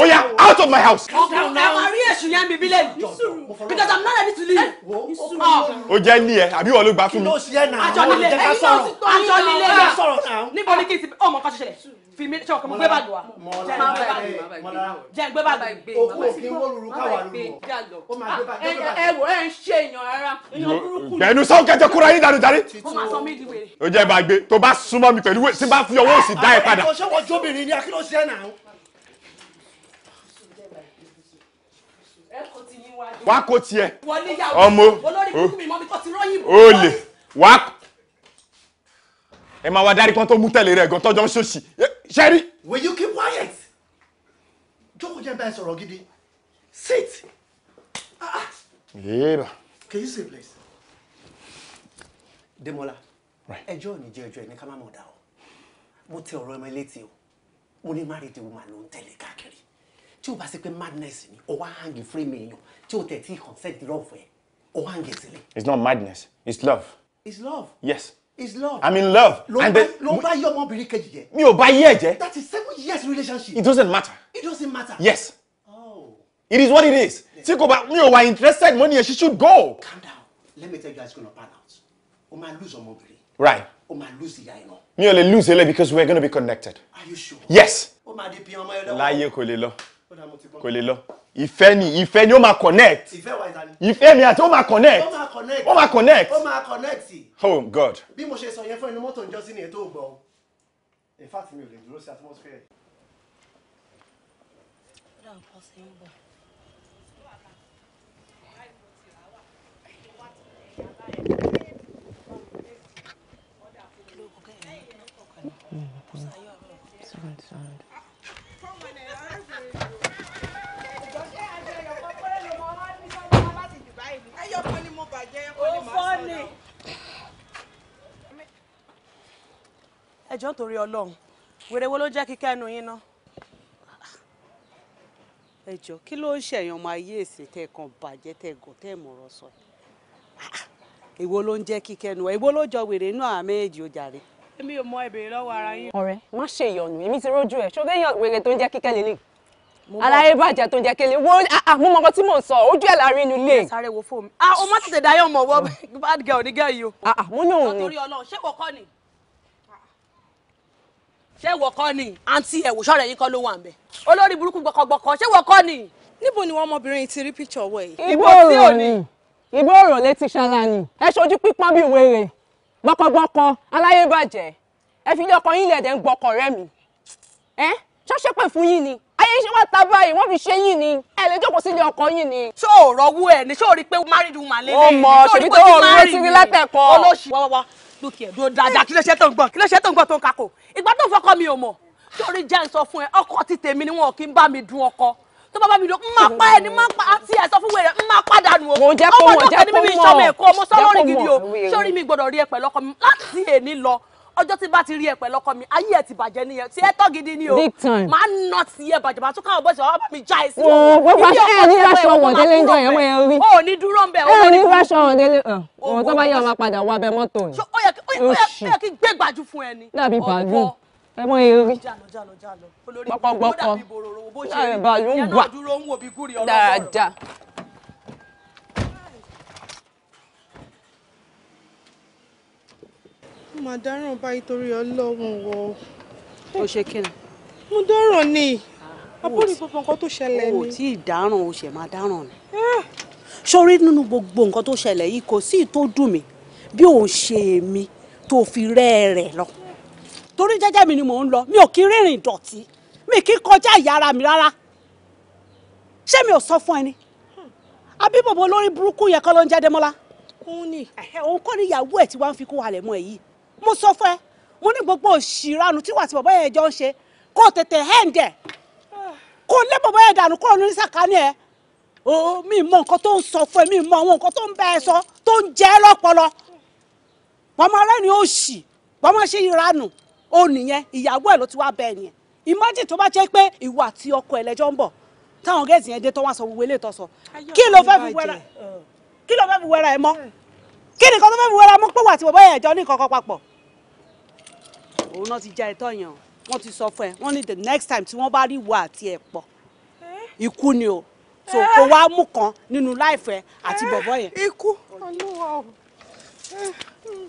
Ó yá out of my house. Ọ̀gá ẹ̀wà rí èṣù yẹn bíbí lẹ́yìn. Because I'm not ready to leave. Eh, o jẹ́ ní ẹ, àbí wọ́n ló gbà fún mi. Àjọ nílé, àjọ nílé. Níbo ni kí n ti ọmọ kan ṣẹlẹ̀? fi mi sọ kọmọ gbé bàgì wa jẹ gbé bàgì òkú òkè wọlúru káwa lulu ọ ẹ wò ẹ ń ṣe èèyàn rárá èèyàn burúkú ni. ẹnu sọ kẹjọ kúrò yín dànù darí. ó jẹ bàgbé tó bá súnmọ́ mi pẹ̀lú tí bá fi ọwọ́ òsì dá ẹ padà. ṣé wọ́n jóbìnrin ni akínó ṣe é nà. wá kó tiẹ̀ ọmọ olè wá ẹ máa wá darí kan tó mú tẹ̀lé rẹ̀ gan tọ́jọ́ ń ṣòṣì ṣẹ́rí. will you keep quiet jókòó jẹ́ báyìí sọ̀rọ̀ gidi sit. Ah, ah. yéèrà. can you say please. Demola ẹjọ́ ò ní jẹ́ ẹjọ́ ẹ̀ ní ká má mọ̀ dá o mo tẹ ọ̀rọ̀ ẹmọ létí o mo ní married woman ló ń tẹ̀lé káàkiri tí o bá ṣe pé madness ni o wá hangi frame èèyàn tí o tẹ̀ tí consent love ẹ̀ o hangi sílẹ̀. it's not madness it's love. it's love. yes is love. i'm in love. ló ń bá ló ń bá yí ọmọbìnrin kejì jẹ. mi ò bá yí ẹ jẹ. that is seven years relationship. it doesn't matter. it doesn't matter. yes. oh. it is what it is. tí kò bá mi ò wá interested mo nìyẹn she should go. calm down let me tell you how it's gonna pan out o ma lose ọmọbìnrin. right. o ma lose ìyá iná. mi ò lè lose ele because we are gonna be connected. are you sure. yes. o ma di bí ọmọ ẹ lọ́wọ́. láyé kò lè lọ kò lè lọ ìfẹ́ ni ìfẹ́ ni ó máa connect ìfẹ́ wa mi àti connect ó máa connect ó máa connect ó máa connect oh god. bí mo ṣe sọ yẹn fún inú mọ́tò ìjọ sí ni ètò ògbọ́n in fact mi ò lè dúró sí atmosphere. Mm-hmm. Sound, sound. lè. ẹjọ́ torí ọlọ́run wèrè wo ló jẹ́ kíkẹ́ ẹnu yín ná. ẹjọ́ kí ló ń ṣẹ̀yàn ọmọ ayé èsì tẹ́ kan bàjẹ́ tẹ́ gàn tẹ́ mọ̀rọ̀ sọ èwo ló ń jẹ́ kíkẹ́ ẹnu èwo ló jọ wèrè inú àmì èjì ó jàre. èmi ò mọ ìbéèrè lọ́wọ́ ara yín. ọ̀rẹ́ má ṣe ìyọnu èmi ti rójú ẹ̀ ṣó aláyébàjẹ́ tó ń jẹ́ kele wo ah, ah, mo mọ tí mò ń sọ ojú ẹ̀ láàrin inú ilé. sáré wo fóònù ah o má tètè dayọ̀ mọ̀ wọ́ bad girl ní gẹ́yì o. Ah, mo ní òun ni. ṣé wọ́kọ́ ni ni àǹtí ẹ̀wò ṣọ́ọ̀rẹ́ yín kọ́ ló wà ń olórí burúkú gbọkọgbọkọ ṣé wọ́kọ́ ni. níbo ni wọn ọmọbìnrin yìí ti rí píkṣọ wọ yìí. igbó ọ̀rọ̀ ni igbó ọ̀rọ̀ létí ṣára ni ẹ ṣojú pípọ́n bíi wèrè gbọkọgbọkọ aláyébàjẹ́ ẹ fi ilé ọkọ yín lẹ̀ dẹ̀ ń gbọkọ̀ rẹ́ mi ẹ ṣọ́ṣẹ́pẹ̀ fún yín ni ayé ṣe wá ta báyìí wọ́n fi ṣe yín ni ẹ lè jókòó sílé ọkọ yín ni. ṣó o rọwú ẹ ní ṣó o rí pé married woman lélẹ̀ yìí ṣó o rí pé ó rẹ ti rí látẹ̀kọ́. olóṣì wọ́wọ́wọ́ lókè ẹ̀dùn dáadáa kí ló ṣe tó ń gbọ̀n kí ló ṣe tó ń gbọ̀n tó ń kakò ìgbà tó ń fọkọ mi ò mọ̀ torí jẹ́ ń sọ fún ẹ ọkọ ti tèmi ni wọn kì í bá mi dun ọkọ tó bá bá mi lò ń máa pa ẹ ní máa pa àti ẹ sọ fún wẹrẹ ń máa padà nù o ọmọ tó kẹ ní mímí ìṣọmọ ẹkọ ọmọ sọlọrin gidi o sórí mi gbọ́dọ̀ rí ẹ pẹ̀lú ọkọ mi láti èní lọ ọjọ́ tí bá ti rí ẹ pẹ̀lú ọkọ mi ayé ẹ ti bàjẹ́ nìyẹn tí ẹ tọ́ gidi ni o máa ń nọ ti ẹ bàjẹ́ máa káwọn bọ́sẹ̀ ọba mi já ẹ sí wọn. wọ́n wá ṣe ní aṣọ wọn ń jọ yẹn wọ́n yẹn rí. o ò ní dúró nbẹ. ẹ ní aṣọ wọn délé tó bá yẹ ọmọ padà wá bẹ mọ́tò ni. ó yẹ kí oh, gbé mà dáràn báyìí torí ọlọ́run wọ. o ṣe kí ni. mo dáràn ni abúlé gbogbo nǹkan tó ṣẹlẹ̀ ni. o tí ì dáràn o ṣẹ̀ máa dáràn ni. Ah! sórí nínú gbogbo nǹkan tó ṣẹlẹ̀ yìí kò sí tó dùn mí bí òun ṣe èmi tó fi rẹ́ rẹ̀ lọ torí jẹ́jẹ́ mi ni mò ń lọ mi ò kí rìnrìn ìdọ̀tí mi kì í kọjá ìyá ara mi rárá ṣé mi ò sọ fún ẹni àbí bòbò lórí burúkú yẹn kọ́ ló ń jẹ́ Démọ́lá òun ni òun kọ́ níyàwó ẹ̀ tí wọ́n fi kó halẹ̀ mọ́ ẹ̀ yìí mo sọ fún ẹ mo ní gbogbo òṣìrànù tí wàá ti bàbá yẹn jọ ń ṣe kó tètè hẹ́ǹdẹ̀ kó lé bàbá yẹn dànù kúrò ní sàkání ẹ o mi mọ nǹkan tó ń sọ fún ẹ mi mọ àwọn nǹkan tó ń bẹ ẹ sọ tó ń jẹ ẹ lọ́pọlọ wọn máa rẹ́ni òṣì wọn máa ṣe ìranù ó nìyẹn ìyàwó ẹ ló ti wá bẹ ẹ nìyẹn imagine tó bá jẹ́ pé ìwà àti ọkọ ẹlẹ́jọ́ ń bọ̀ táwọn géètì yẹn dé tó wá sọ gbogbo eléyìí tó sọ kí ló fẹ́ fi wẹ́ra hmm. kí ló fẹ́ fi wẹ́ra ẹ mọ́ kí nìkan tó fẹ́ fi wẹ́ra mọ́ pé wà tí bàbá yẹn jọ ní nǹkan papọ̀ òun náà ti já ẹ̀tọ́ yẹn o wọ́n ti sọ fún ẹ wọ́n ní the next time tí wọ́n bá rí ìwọ àti ẹ̀ pọ̀ ikú ni o so eh? kó wá mú kan nínú láìfẹ́ àti eh? bọ̀bọ̀ yẹn. ikú olúwa o. Eh? Hmm.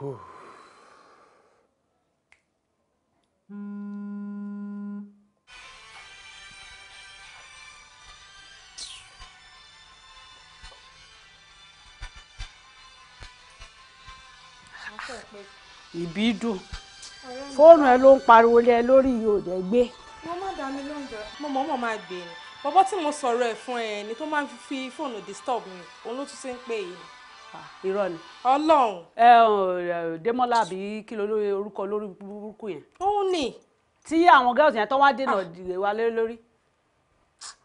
Whew. ìbí dùn fóònù ẹ ló ń pariwo lé ẹ lórí yìí ò dẹ gbé. mo má dá mi lóúnjẹ mo mọ̀ mọ̀ máa gbé ni bọ́bọ́ tí mo sọ̀rọ̀ ẹ̀ fún ẹ ni tó máa fi fóònù disturb mi òun ló tún ṣe ń pè yìí. Ah, irọ́ ni. ọlọ́run. ẹ Dẹ́mọ́lá àbí kí ló lórí orúkọ lórí burúkú yẹn. òun ni. tí àwọn girls yẹn tó wá dènà ah. dìde wa lé lórí.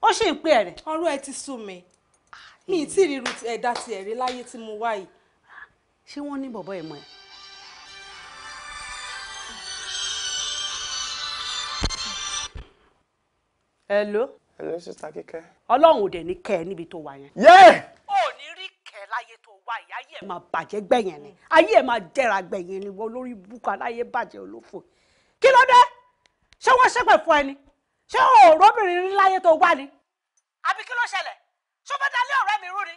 ó ṣì ń pè ẹ rẹ. ọ̀rọ̀ ẹ ti sú mi ah, mi ì tí ì ríru ẹ̀dá ti ẹ̀rí láyé tí mo wá yìí. ṣé wọ́n ní bọ̀bọ̀ ẹ̀ mọ́ ẹ. hello. hello sister kíkẹ́. ọlọ́run ò dẹ̀ ní kẹ́ ẹ níbi tó wà yẹn. yẹ́ẹ̀ ayé tó wá yìí ayé ẹ̀ máa bàjẹ́ gbẹ̀yìn ni mm. ayé ẹ̀ máa jẹ́ra gbẹ̀yìn ni wọ́n lórí búkọ aláyé bàjẹ́ olófò kí ló dé ṣé wọ́n ṣépè fún ẹni ṣé òróbìnrin ní láyé tó wá ni àbí kí ló ṣẹlẹ̀ ṣó fẹ́ dalẹ́ ọ̀rẹ́ mi rú ni.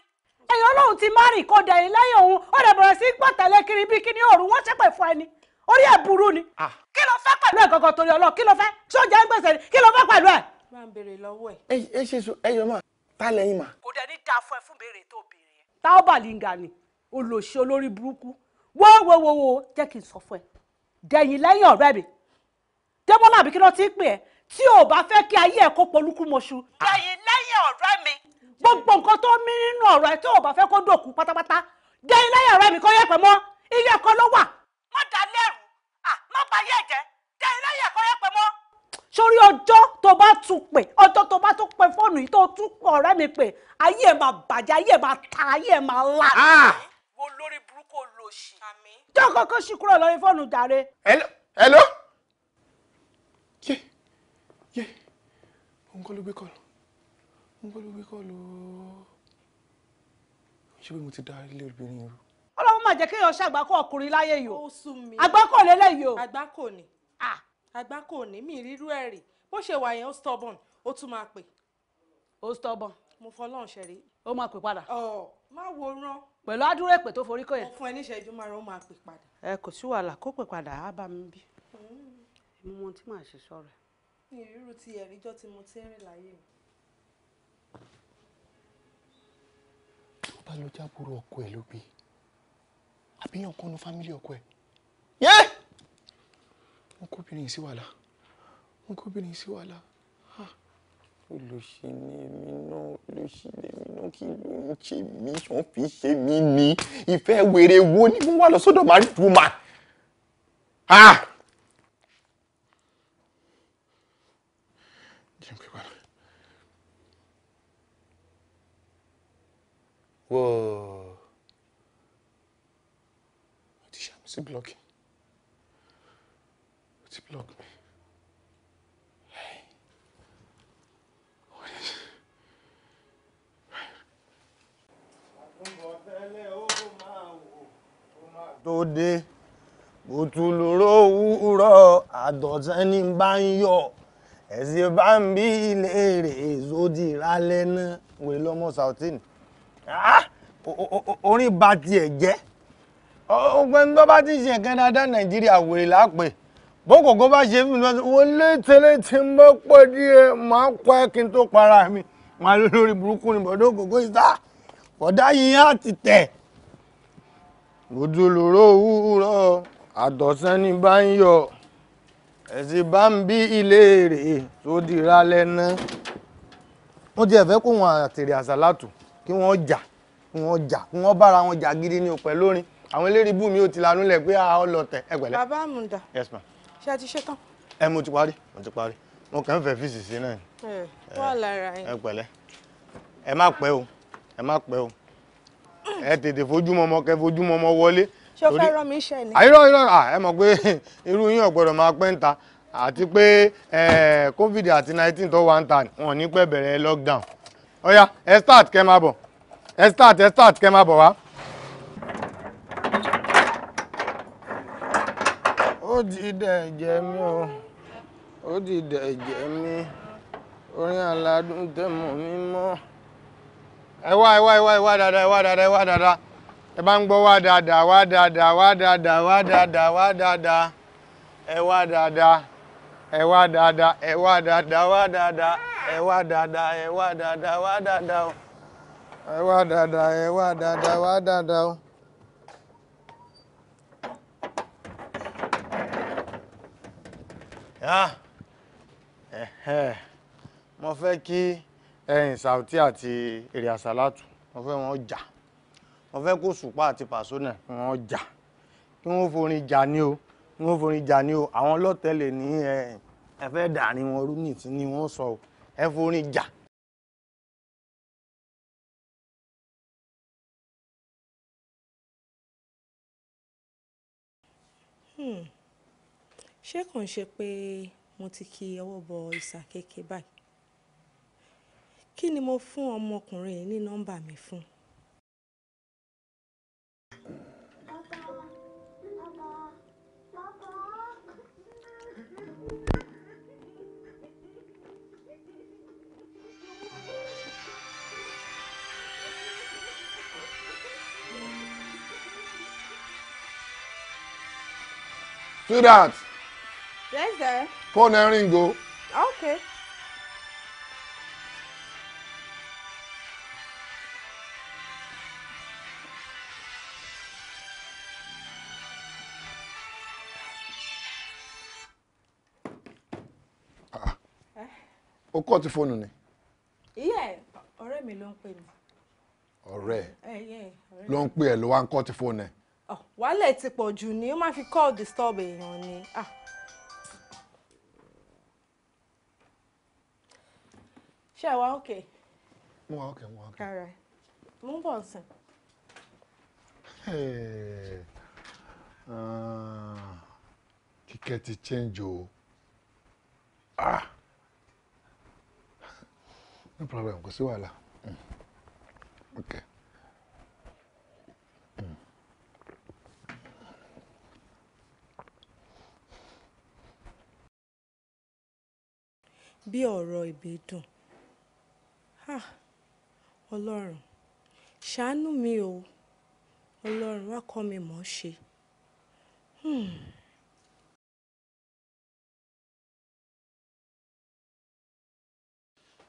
èèyàn lòun ti má rìn kó dẹ̀yìn lẹ́yìn òun ó dẹ̀ bẹ̀rẹ̀ sí gbọ̀tẹ̀lẹ̀ kiri bí kíní òru wọ́n ṣépè fún ẹni orí ẹ̀ burú ni. Ah. kí ló fẹ́ pẹ̀lú ẹ̀ gọ́gọ́ torí ọlọ́ kí ló fẹ́ ṣó jẹ́ ń gbèsè ni kí ló fẹ́ pẹ̀lú ẹ̀. máa ń béèrè lọ́wọ́ ẹ̀. ẹ ṣe so ẹ máa ta lẹ́yìn mà. kò dẹ̀ ní dáa fún ẹ fún béèrè tó béèrè táọ́bà lìǹgà ni olóṣè olórí burúkú wó wó wó wó jẹ́ kí n sọ fún ẹ dẹ̀yìn lẹ́yìn ọ̀rẹ́ mi dẹ́mọ́lá àbí kí ló ti ń pè ẹ́ tí ò bá fẹ́ kí ayé ẹ̀ kó polúkú mọ́ṣú. dẹ̀yìn lẹ́yìn ọ̀rẹ́ mi. gbogbo nǹkan tó mí nínú ọ̀rọ̀ ẹ̀ tí ò bá fẹ́ kó dòkú pátápátá dẹ̀yìn lẹ́yìn ọ̀rẹ́ mi kọ́ yẹ pẹ̀ mọ́ iye ẹ̀kọ́ ló wà. má dalẹ́rù má bayé jẹ́ sórí ọjọ́ tó bá tún pè ọjọ́ tó bá tún pè fóònù yìí tó tún ọ̀rẹ́ mi pè ayé ẹ̀ máa bàjẹ́ ayé ẹ̀ máa ta ayé ẹ̀ máa la. Ah! wo lórí burúkú lò sí. jọ́ kankan sí kúrò lórí fóònù jàre. hello. yé yé òun kọ́ ló gbé kọ́ lọ òun kọ́ ló gbé kọ́ lọ ṣé pé mo ti dá ilé obìnrin rú. ọlọ́run máa jẹ́ kéèyàn ṣàgbákò ọkùnrin láyé yìí o àgbákò lélẹ́yìí o àgbákò ni àgbà kò ní mí rírú ẹ̀ rì bó ṣe wà yẹn ó stubborn ó tún máa pè. ó stubborn. mo fọlọ́run ṣẹ̀rí. ó máa pè padà. ọ má wo rán. pẹ̀lú àdúrà èpè tó forí kọ́ yẹn. mo fún ẹ ní ìṣẹ́jú márùn-ún máa pè padà. ẹ kò sí wàhálà kó pè padà á bá mi bí. èmi hmm. mo ti máa ṣe sọ̀rọ̀ ẹ̀. ìrírú ti ẹ̀ríjọ́ tí mo ti rìn láyé mi. balùwẹ̀ jábúrò ọkọ ẹ̀ ló gbé àbíyàn kan ní ọkọ ẹ̀. yẹ́ẹ́ wọn kóbìnrin sí wàhálà wọn kóbìnrin sí wàhálà olùṣe ni èmi náà olùṣe ni èmi náà kí ló ń ṣe mí wọ́n fi ṣe mí ní ìfẹ́ wèrè wo ni mo wà lọ sọ́dọ̀ married woman. Ah! Whoa. What is she? I'm still blocking block me. Hey. What is it? tó dé òtúlóró òwúrọ̀ àdọ̀tẹ́ ní bá ń yọ̀ ẹ̀sìn bá ń bí ilé èrè èzòdì rálẹ̀ náà wèrè lọ́mọ sautin ah! orin bá tiẹ̀ jẹ́ ọgbẹ́ni tó bá ti ṣe ẹ̀kẹ́ dáadáa nàìjíríà wèrè lápè bọ́kọ̀ọ̀kan bá ṣe fún mi wọlé tẹ́lẹ̀ tí ń bá pọ̀ díẹ̀ máa pa ẹ́ kí n tó para mi máa ló lórí burúkú ni bọ̀dọ̀ ògógó ìta bọ̀dá yìí á ti tẹ̀. òdòlóró òwúrọ̀ àtọ̀sán ni bá ń yọ ẹ̀sìn bá ń bí ilé èrè tó dira lẹ́nà. wọ́n ti ẹ̀fẹ́ kó wọn àtẹ̀rẹ̀ àsálàtù kí wọ́n jà kí wọ́n jà kí wọ́n bára wọn jà gidi ní òpẹ́ lórin àwọn eléré ibú mi ò ti lanú lẹ̀ pé a ọlọ̀tẹ̀ ẹgbẹ̀lẹ́. bàbá àmúdà. yes ma ṣé a ti ṣe tán. ẹ mo ti parí mo ti parí mo kàn ń fẹ́ fíìsì sí náà. ẹ wà lára yín. ẹ pẹ̀lẹ́ ẹ má pẹ́ o ẹ má pẹ́ o ẹ tètè fojúmọmọ kẹ fojúmọmọ wọlé. ṣé o fẹ́ rán mi iṣẹ́ ni. àyírọ̀ irọ́ ẹ mọ̀ pé irú yín ọ̀gbọ́dọ̀ máa pẹ́ ń ta àti pé covid àti nineteen tó wà ń ta wọn ní pẹ́ bẹ̀rẹ̀ lockdown. ó yá ẹ start kẹ́ máa bọ̀ ẹ start ẹ start kẹ́ máa bọ̀ wá. ó ti dẹ̀jẹ̀ mi o ó ti dẹ̀jẹ̀ mi orin aládùn tẹ̀mọ̀ mi mọ́. ẹ wá ẹ wá ẹ wá ẹ wá dáadáa ẹ wá dáadáa ẹ wá dáadáa ẹ bá ń gbọ́ wá dáadáa wá dáadáa wá dáadáa wá dáadáa wá dáadáa ẹ wá dáadáa ẹ wá dáadáa ẹ wá dáadáa wá dáadáa ẹ wá dáadáa ẹ wá dáadáa wá dáadáa ẹ wá dáadáa ẹ wá dáadáa wá dáadáa. mo fẹ́ kí ẹ̀yin eh, Saoty àti èrè àsálàtù mo fẹ́ wọn jà mo fẹ́ kó Sùpá àti Pasuma wọn jà kí wọ́n forin jà ní o kí wọ́n forin jà ní o àwọn ọlọ́tẹ̀lẹ̀ ní eh, ẹ fẹ́ dàrin wọn rú nìtí ni wọ́n sọ o ẹ forin jà Hmm ṣé kò ń ṣe pé mo ti ki ọwọ́ bọ ìsàkéèké báyìí kí ni mo fún ọmọkùnrin yìí ní nọ́mbà mi fún. Sweetheart phone ring o. okay. Ah, o kọ́ ti fóònù ni. iye ọ̀rẹ́ mi ló ń pè mí. ọ̀rẹ́ ló ń pè ẹ́ ló wá ń kọ́ ti fóònù ẹ̀. wàhálà ẹ̀ ti pọ̀ jù ni ó máa fi call disturb èèyàn ni. Ah. ṣé ẹ wá òkè. mo wà òkè mo wà òkè. ara mo ń bọ̀ sìn. Ah. kíkẹ́ ti change o ah no problem kò sí wàhálà mm. ok. Mm. bí ọ̀rọ̀ ìbí dùn Ha! Ah, Ọlọ́run, ṣàánú mi o. Ọlọ́run, wá kọ́ mi mọ̀ ọ́ ṣe. Hmm.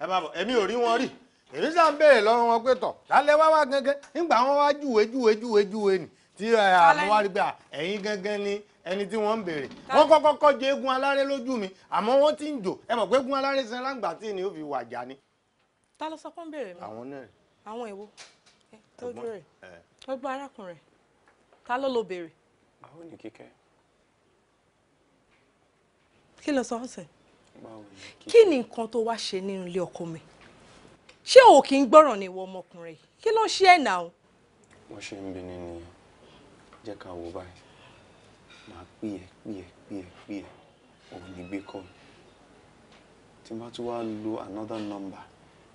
ẹ máa bọ̀ èmi ò rí wọn rí èmi sá ń béèrè lọ́wọ́ wọn pé tọ̀ lálẹ́ wá wá gangan nígbà wọn wá júwe júwe júwe júwe nì tí àwọn wá rí pé ẹ̀yin gangan ni ẹni tí wọ́n ń béèrè wọ́n kọ́kọ́ kọ́ jẹ eégún aláré lójú mi àmọ́ wọ́n ti ń jò ẹ mọ̀ pé eégún aláré sin láǹgbà tí ni ó fi wàjà ni ta ló sọ pé ń béèrè mi. àwọn náà. àwọn èwo tọ́jú rẹ̀ ó gbọ́ arákùnrin ta ló lo béèrè. àwọn ní kíkẹ́. kí ló sọ ọ̀sẹ̀. kí ni nǹkan tó wá ṣe nínú ilé ọkọ mi ṣé o kì í gbọ́ràn ní ìwọ ọmọkùnrin kí ló ń ṣe ẹ̀ náà. wọ́n ṣe ń bi ní nìyẹn jẹ́ ká wò báyìí máa pè é pè é pè é pè é òun ní gbé kọ́ tí n bá tún wá lo another number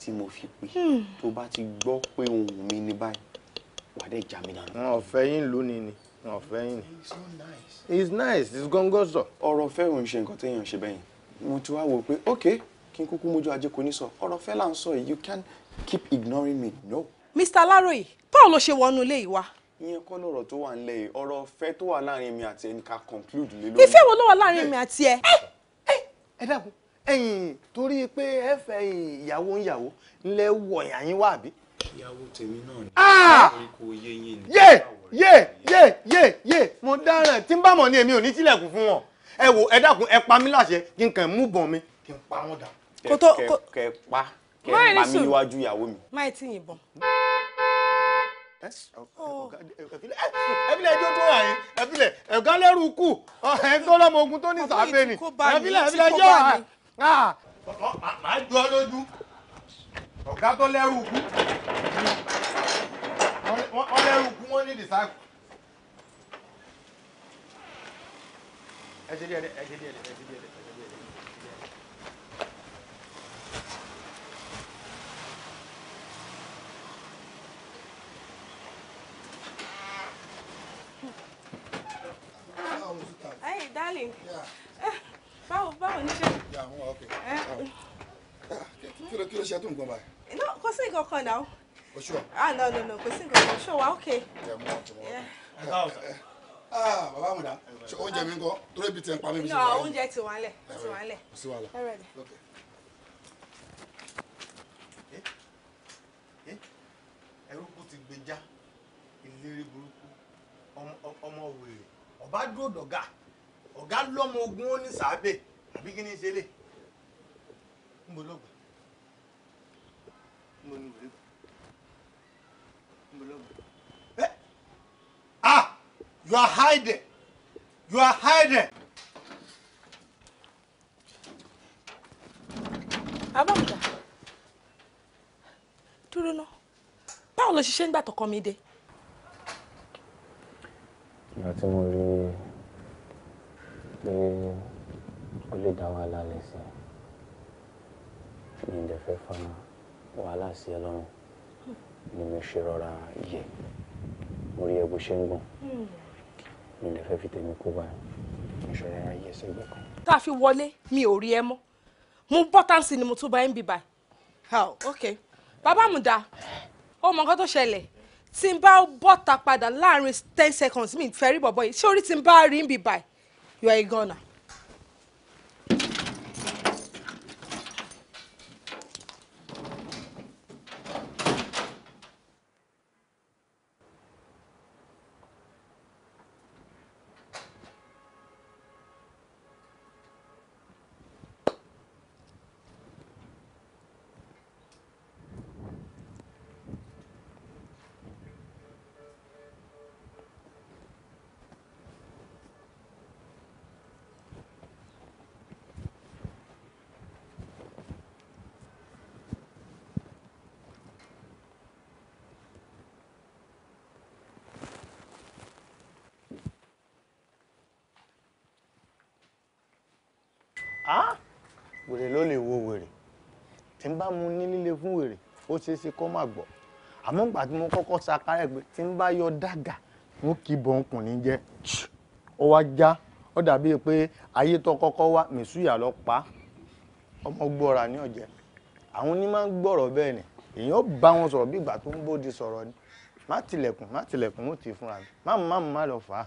tí mo fi pè hmm. tó bá ti gbọ́ pé ohun mi ní báyìí wà á dẹ̀ já mi dànù. wọn ò fẹ́ ni wọn ò fẹ́ ni. it's not nice. it's nice it's gongoso. ọ̀rọ̀ fẹ́ òun ṣe nǹkan téèyàn ṣe bẹ́yìn mo ti wá wò pé ok kí n kúkú mójú ajé kò ní sọ ọ̀rọ̀ fẹ́ là you can keep ignoring me no. Mr. Aláròyé báwo ló ṣe wọnú ilé yìí wá ìyẹn kọ́ lọ̀rọ̀ tó wà nílẹ̀ yìí ọ̀rọ̀ ìfẹ́ tó wà láàrin mi àti ẹnì ká conclude lé lórí. ìfẹ́ wo ló wà láàrin mi àti ẹ. ẹ eh, eh, ẹ dákun ẹ̀yin torí pé ẹ fẹ́ ìyàwó ìyàwó ńlẹ̀ wọ̀nyà yín wà bí. ìyàwó tèmi náà ah! ni kò yé yín ni. yé yé yé yé yé mo dáràn tí n bá mọ̀ ni èmi ò ní tilẹ̀kùn fún wọn ẹ wò ẹ dákun ẹ pa mí láṣẹ kí n kàn mú bọ̀n mi kí n pa wọn dà. kò tó kò kẹ pa kẹ pa mí níwájú ìyàwó mi. máì tí yìnbọn ẹbílẹ̀ ẹjọ́ tó yà yín ẹbílẹ̀ ẹ̀gá lẹ́rù kù ẹ̀ tó lọ́mọ ogun tó ní sàábẹ́ ni ẹbílẹ̀ ẹbílẹ̀ ẹjọ́ Ah! màá jọ ọ lójú ọ̀gá tó lẹ́rù kú wọ́n lẹ́rù kú wọ́n ní ìdìsáàkù. ẹ ṣe díẹ̀ ẹ ṣe díẹ̀ ẹ ṣe díẹ̀. Hey, darling. Yeah báwo báwo ní ṣe. Eh? Um, kí ló ṣe tó nǹkan báyìí. kò sí nǹkan kan náà. kò oh, ṣùwà. ah no no no kò sí nǹkan kan ṣùwà ok. ah bàbá àmùdá ṣe oúnjẹ mi ń kọ́ torí ibi tẹ̀ ń pa mí. no oúnjẹ ti wà ń lẹ̀ ti wà ń lẹ̀. kò sí wàhálà ẹrúkú eh? eh? ti gbẹjá ìlérí burúkú ọmọ wèrè ọba dúró dọ̀gá ọ̀gá lọ́mọ ogun ó ní sàábẹ̀ àbí kí ní ṣe lè ń bọ̀ lọ́gbà ah you are hiding you are hiding. abámuta dúró ná báwo ló ṣiṣẹ́ nígbà tọkọ mi dé. ìgbà tí mo rí i pé ó lè dá wàhálà lẹ̀ sí ẹ mi ò dẹ̀ fẹ́ wàhálà sí ẹ ni mo ṣe rọra yẹ mo rí ẹ bó ṣe ń gbọ̀n mi ò fi tèmi kó báyìí mo ṣe rọra yẹ sẹ́gbẹ̀ẹ́ kan. tá a fi wọlé mi ò rí ẹ mọ́ mo bọ́ ni mo tún bá ẹ ń bì báyìí. ok bàbá mi dá ó mọ nǹkan tó ṣẹlẹ̀ tí n bá bọ́ta padà láàrin ten seconds mi fẹ́ rí bọ̀bọ̀ yìí ṣé orí tí n bá rí ń bì báyìí you are a goner. bá mu ní líle fún wèrè ó ṣeé ṣe kó má gbọ́ àmọ́ ìgbà tí mo kọ́kọ́ sa kárẹ̀ pé tí n bá yọ dàgà mo kì í bọ̀ ọkùnrin jẹ́ ó wá já ó dàbí pé ayé tó kọ́kọ́ wá mẹ̀súyà lọ pa ọmọ gbọ́ra ní ọ̀jẹ̀ àwọn onímọ̀ ń gbọ́rọ̀ bẹ́ẹ̀ ni èèyàn bá wọn sọ̀rọ̀ bí ìgbà tó ń bóde sọ̀rọ̀ ni má tilẹ̀kùn má tilẹ̀kùn mo ti fúnra mi má mú má mú má lọ fà á.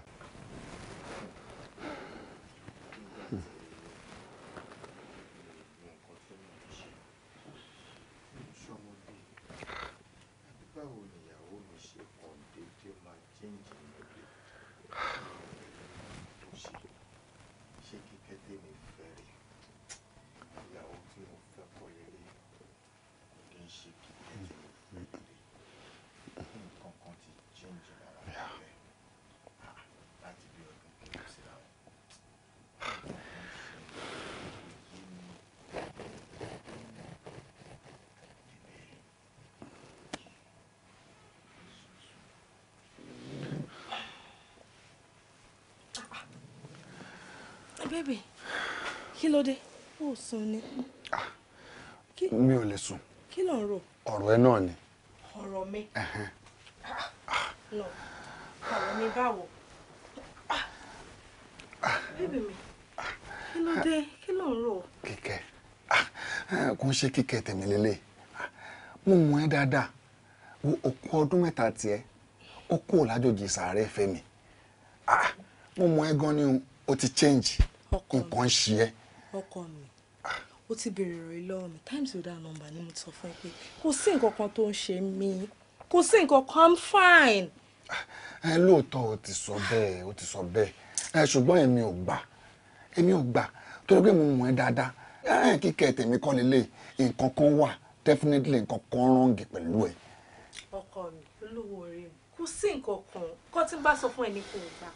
baby, kí ló dé ó sùn ni. Ah, mi ò lè sùn. kí ló ń rò. ọ̀rọ̀ ẹ náà ni. ọ̀rọ̀ mi. Ah, lọ ọ̀rọ̀ mi báwo. Ah, bébè mi kí ló dé kí ló ń rò. kíkẹ́ eh, kò ń ṣe kíkẹ́ tèmi lélẹ̀ mo mọ̀ ẹ́ dáadáa wo òkú ọdún mẹ́ta tiẹ̀ ó kúrò lájòjì sàárẹ̀ fẹ́mi mo mọ̀ ẹ́ gan ni o ti change nǹkan ń ṣe ẹ́. ọkọ mi ó ti béèrè rẹ lọ́wọ́ mi times without number ni mo sọ fún ẹ pé kò sí nǹkan kan tó ń ṣe mí kò sí nǹkan kan i'm fine. ẹ lóòótọ́ o ti sọ bẹ́ẹ̀ o ti sọ bẹ́ẹ̀ ẹ ṣùgbọ́n èmi ò gbà èmi ò gbà torí pé mo mọ̀ ẹ́ dáadáa ẹ kíkẹ́ tèmi kọ́ lélẹ̀ nǹkan kan wà definitely nǹkan kan rọ́ǹgì pẹ̀lú ẹ. ọkọ mi olówó rẹ kò sí nǹkan kan kó tí n bá sọ fún ẹ ní kò gbà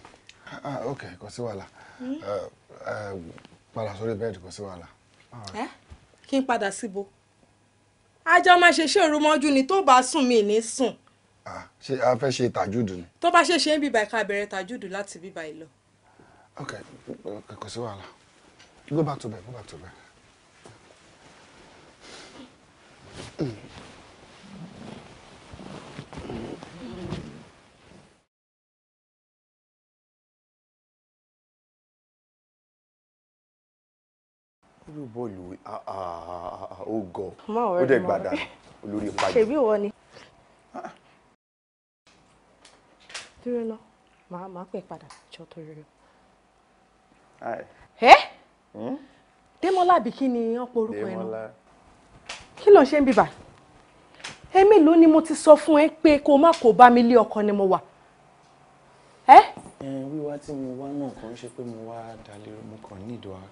Ah, ah ok kò sí wàhálà hmm? eh, eh, padà sórí bẹ́ẹ̀dì kò sí wàhálà. ẹ eh? kí n padà síbo ajá máa ṣe ṣé òru mọ́jú ni tó bá sùn mí ní sùn. Ah, ṣé a fẹ́ ṣe tàjúdù ni. tó bá ṣe ṣe ń bíbá ẹ̀ka bẹ̀rẹ̀ tàjúdù láti bíbá yìí lọ. ok kò sí wàhálà go back to bed go back to bed. irú bọ́ọ̀lù ó ah, ah, ah, oh gọ̀ ó dẹ̀ gbàdá olórí ìpàdé. ṣèbí ìwọ ni. dúró ná màá màá pè padà jọ torí rẹ. ẹ Démọ́lá àbí kí ni ọ̀pọ̀ orúkọ ẹ̀ náà kí ló ń ṣe ń bíbà èmi ló ni mo ti sọ fún ẹ pé kó má kó bá mi lé ọkọ ni mo wà ẹ. wíwá tí mo wá náà kàn ń ṣe pé mo wá dalérò mo kàn ní ìdọ́ra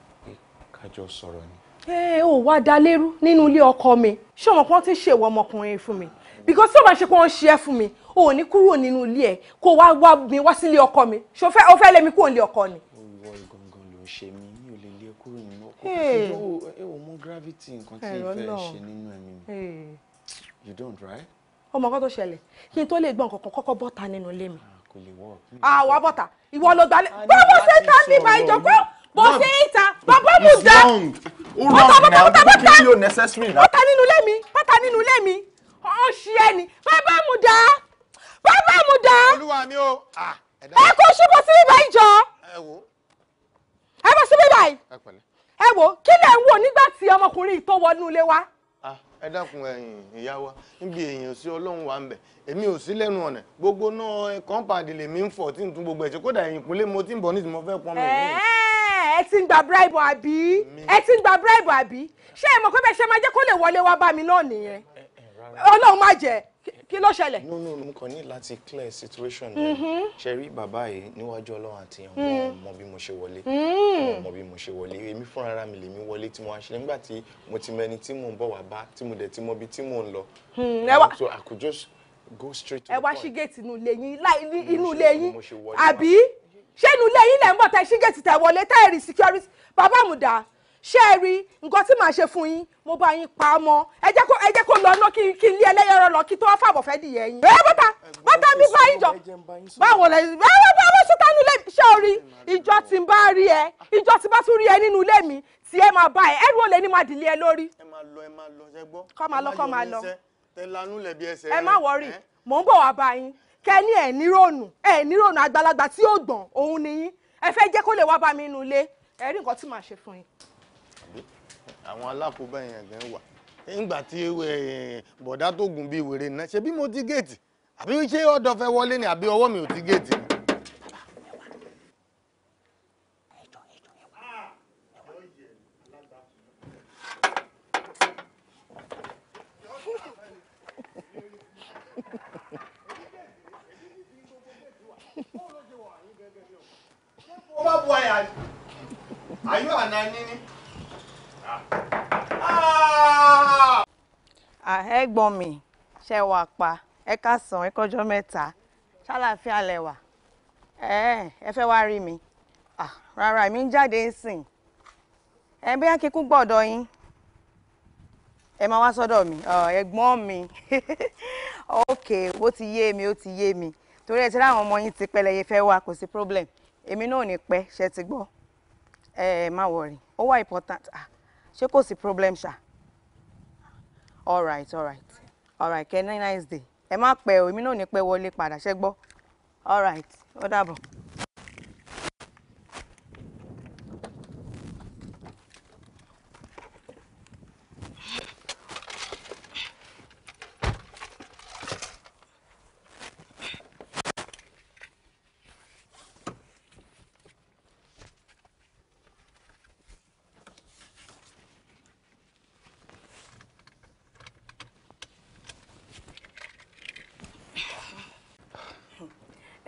kájọ sọ̀rọ̀ ni. ẹ ò wá da lérú nínú ilé ọkọ mi ṣé ọmọ kan ti ṣe ìwọ ọmọkùnrin fún mi because tí o bá ṣe pé wọ́n ṣe é fún mi o ò ní kúrò nínú ilé ẹ kó wá wá mi wá sílé ọkọ mi ṣé o fẹ́ lé mi kúrò nílé ọkọ ni. ìwọ gangan ló ń ṣe mí mi ò lè lé kúrò nínú ọkọ mi ẹ ò mú gravity nǹkan tí ìfẹ́ ṣe nínú ẹ̀mí mi you don't right. ọmọ kan tó ṣẹlẹ̀ kí n tó lè gbọ́ nǹkan kọ́kọ́ bọ́ta nínú ilé mi. Ah, kò lè wọ́ọ̀. àwa ah, bọ́ta ìwọ ló gbalẹ̀ gbọ́dọ̀ ah, ṣe tá a ní ìmọ̀ ìjọ gbọ́ kò sí ìta bàbá mu dá bàtà bàtà bàtà bàtà bàtà nínú ilé mi bàtà nínú ilé mi ó ṣí ẹni bàbá mu dá bàbá mu dá ẹ kò ṣubú sí ibà ìjọ ẹ bọ síbí báyìí ẹ wò kí lẹ ń wò nígbà tí ọmọkùnrin tó wọnú ilé wa ẹ dákun ẹ̀yin ìyá wa níbi èèyàn sí ọlọ́run wa ń bẹ̀ èmi ò sí lẹ́nu ọ̀nà gbogbo náà kọ́ńpàdé lèmi ń fọ̀ tí n tún gbogbo ẹ̀ ṣe kódà ẹ̀yìn kúnlé mo ti ń bọ̀ nítorí mo fẹ́ pọ́n mi. Eh, ẹ ti ń gba bribe àbí ẹ ti ń gba bribe àbí ṣé ẹ mọ̀ pé bẹ́ẹ̀ ṣe máa jẹ́ kó lè wọlé wá bá mi náà nìyẹn eh, eh, ọlọ́run má jẹ́ kí ló ṣẹlẹ̀. no no mo kàn ní láti clear situation yẹn mm-hmm. ṣe rí bàbá yìí níwájú ọlọ́run àti àwọn mm. ọmọ bí mo ṣe wọlé mm. ọmọ bí mo ṣe wọlé èmi fúnra mi lèmi wọlé tí mo wá ṣe nígbà tí mo ti mẹni tí mò ń bọ̀ wá bá tí mo dẹ̀ ti mọ ibi tí mò ń lọ. Hmm, so I could just go straight to the point. ẹ wá sí géètì inú ilé yín inú ilé yín àbí ṣé inú ilé yín lẹ̀ ń bọ̀ tẹ̀ ṣígẹ̀tì tẹ̀ wọlé tẹ̀ rí security bàbá àmùdá ṣé ẹ rí nǹkan tí màá ṣe fún yín mo bá yín pa á mọ́ ẹ jẹ́ kó ẹ jẹ́ kó lọ ná kí kí ilé ẹlẹ́yọrọ lọ kí tó wá fàbọ̀ fẹ́ dìyẹ yín. ẹ bọ́tà bọ́tà mi bá yín jọ báwo lẹ ẹ bá bá bá sọ́tà nílé ṣé o rí ìjọ tí n bá rí ẹ ìjọ tí bá tún rí ẹ nínú ilé mi tí ẹ máa bá ẹ ẹrú olè ní máa dìlé ẹ lórí. ẹ máa lọ ẹ máa lọ ṣẹgbọ́. kọ́ máa lọ kọ́ máa lọ. ẹ má wọrí mò ń bọ̀ wá bá yín kẹ́ni ẹ̀ nírònù ẹ̀ nírònù àgbàlagbà tí yóò gbọ̀n òun nìyí ẹ fẹ́ jẹ́ kó lè wá bá mi nu ilé ẹ rí nǹkan tí màá ṣe fún yín. àwọn alákòóbá yẹn gan wà nígbà tí bọ̀dá tó gùn bíi wèrè náà ṣe bí mo ti géètì àbí ṣé ọ̀dọ̀ fẹ́ wọlé ni àbí ọwọ́ mi ò ti géètì ni. lawyers. Are you an anini? Ah. Ah. Ah, ẹ̀gbọ́n mi ṣe She pa ẹ kásán ẹ kọjọ́ mẹ́ta ṣàlàáfíà lẹ́wà ẹ fẹ́ wá rí mi rárá mi ń jáde ń sìn ẹ bí akíkú gbọ́dọ̀ yín ẹ máa wá sọ́dọ̀ mi ẹ̀gbọ́n mi ok ó ti yé mi ó ti yé mi torí ẹ ti ráwọn ọmọ yín ti pẹlẹyẹ fẹ́ wá kò sí problem èmi náà ò ní pẹ́ ṣe ti gbọ́ ẹ ẹ má wọrí ó wà important ah ṣé kò sí problem ṣá all right all right all right kẹ́ ní nice day ẹ má pẹ́ o èmi náà ò ní pẹ́ wọlé padà ṣe gbọ́ all right ó dàbọ̀.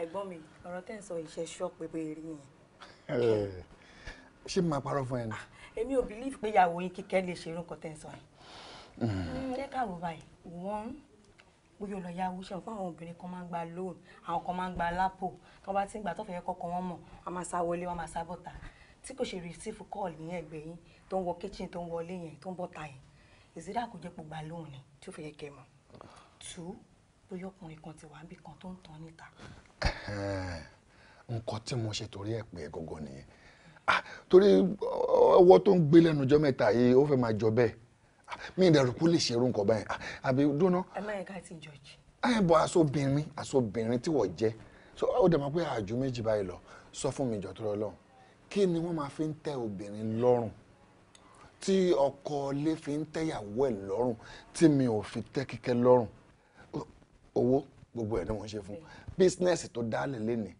ẹ̀gbọ́n mi ọ̀rọ̀ tẹ́ ń sọ ìṣẹ́ṣọ́ pépé rí yẹn. Eh, ṣé màá parọ́ fún ẹ ni. Ah, èmi ò bìlíf pé ìyàwó yín kíkẹ́ lè ṣe irú nǹkan tẹ́ ń sọ yẹn. Mm, ṣé káàró báyìí wọ́n bóyá ọ̀nà ìyàwó ṣe fún àwọn obìnrin kan máa ń gba loan àwọn kan máa ń gba lápò tó bá ti ń gbà tó fẹ́ kọ́kọ́ wọn mọ̀ wọ́n máa sá wọlé wọ́n máa sá bọ́ta tí kò ṣe receive call ní ẹgbẹ́ yín tó ń wọ kitchen tó ń wọlé yẹn tó ń bọ́ta yẹn ìsídà kò jẹ́ pò gba loan ni tí ó fẹ́ kẹ́ mọ̀ two bóyá ọkùnrin kan ti wà níbi kan tó ń tan níta nǹkan tí mo ṣe torí ẹ̀ pé gangan nìyẹn torí ọwọ́ tó ń gbé lẹ́nu ọjọ́ mẹ́ta yìí ó fẹ́ máa jọ bẹ́ẹ̀ mi ì dẹ̀rù kó lè ṣerú nǹkan báyìí àbí dúná. ẹ má yẹ ká ti jọjì. ẹ bọ aṣọbìnrin aṣọbìnrin tí wọ́n jẹ́ so ó dẹ̀ mọ̀ pé àjù méjì báyìí lọ sọ fún mi ìjọ tó lọ lọ́hùn kí ni wọ́n máa fi ń tẹ obìnrin lọ́rùn tí ọkọ ilé fi ń tẹ́yàwó ẹ̀ lọ́rùn tí mi ò fi tẹ́ kíkẹ́ lọ́rùn owó gbogbo ẹ̀ ni mo ń ṣe fún bísínẹ́sì tó dálẹ̀ lénìí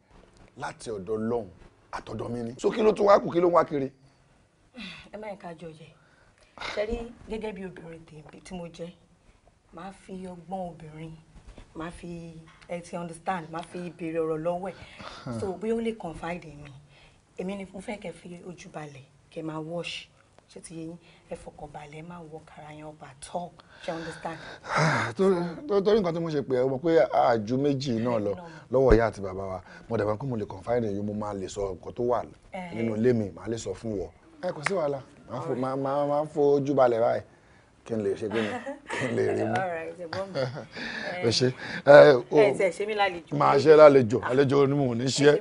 láti ọ̀dọ̀ lọ́hùn àtọ̀dọ̀ mi ni. so kí ló tún wá kù kí ló ń wá kiri. ẹ má ká jọ jẹ ṣẹ́rí gẹ́gẹ́ bí obìnrin tèmi tí mo jẹ́ máa fi ọgbọ́n obìnrin máa fi ẹ ti understand máa fi béèrè ọ̀rọ̀ lọ́wọ́ ẹ̀ so bóyá ó lè confide in mi èmi ni mo fẹ́ kẹ́ fi ojú balẹ̀ kẹ́ máa wash ṣé ti yẹ yín ẹ fọkàn balẹ̀ ẹ má wọ kara yẹn ọba tọ́ ṣe understand. torí nǹkan tí mo ṣe pé ẹ mọ̀ pé àjù méjì náà lọ lọ́wọ́ ìyá àti bàbá wa mo dàbí pé mo lè confide in you mo máa lè sọ nǹkan tó wà nínú ilé mi màá lè sọ fún wọ ẹ kò sí wàhálà màá fojú balẹ̀ báyìí kí n lè ṣe kí n lè rí mú. ẹ ṣe ẹ o máa ṣe lálejò àlejò onímọ̀ ní ṣe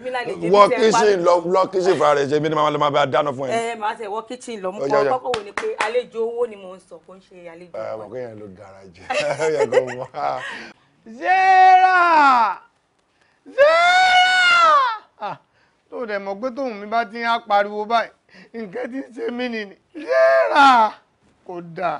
wọ kíṣìn lọ lọ kíṣìn fúnra rẹ ṣe bí ní màmá lè máa bá dáná fún ẹ. ẹ máa ṣe wọ kíṣìn lọ mú kọ́ kọ́kọ́ wo ni pé àlejò owó ni mò ń sọ kó ń ṣe àlejò owó. ẹ mọ̀ kéèyàn ló dára jẹ ẹ kò mọ. zera zera tó dẹ̀ mọ̀ pé tóun mi bá ti ń pariwo báyìí nǹkan ti ṣe mí nìyí zera kò dáa.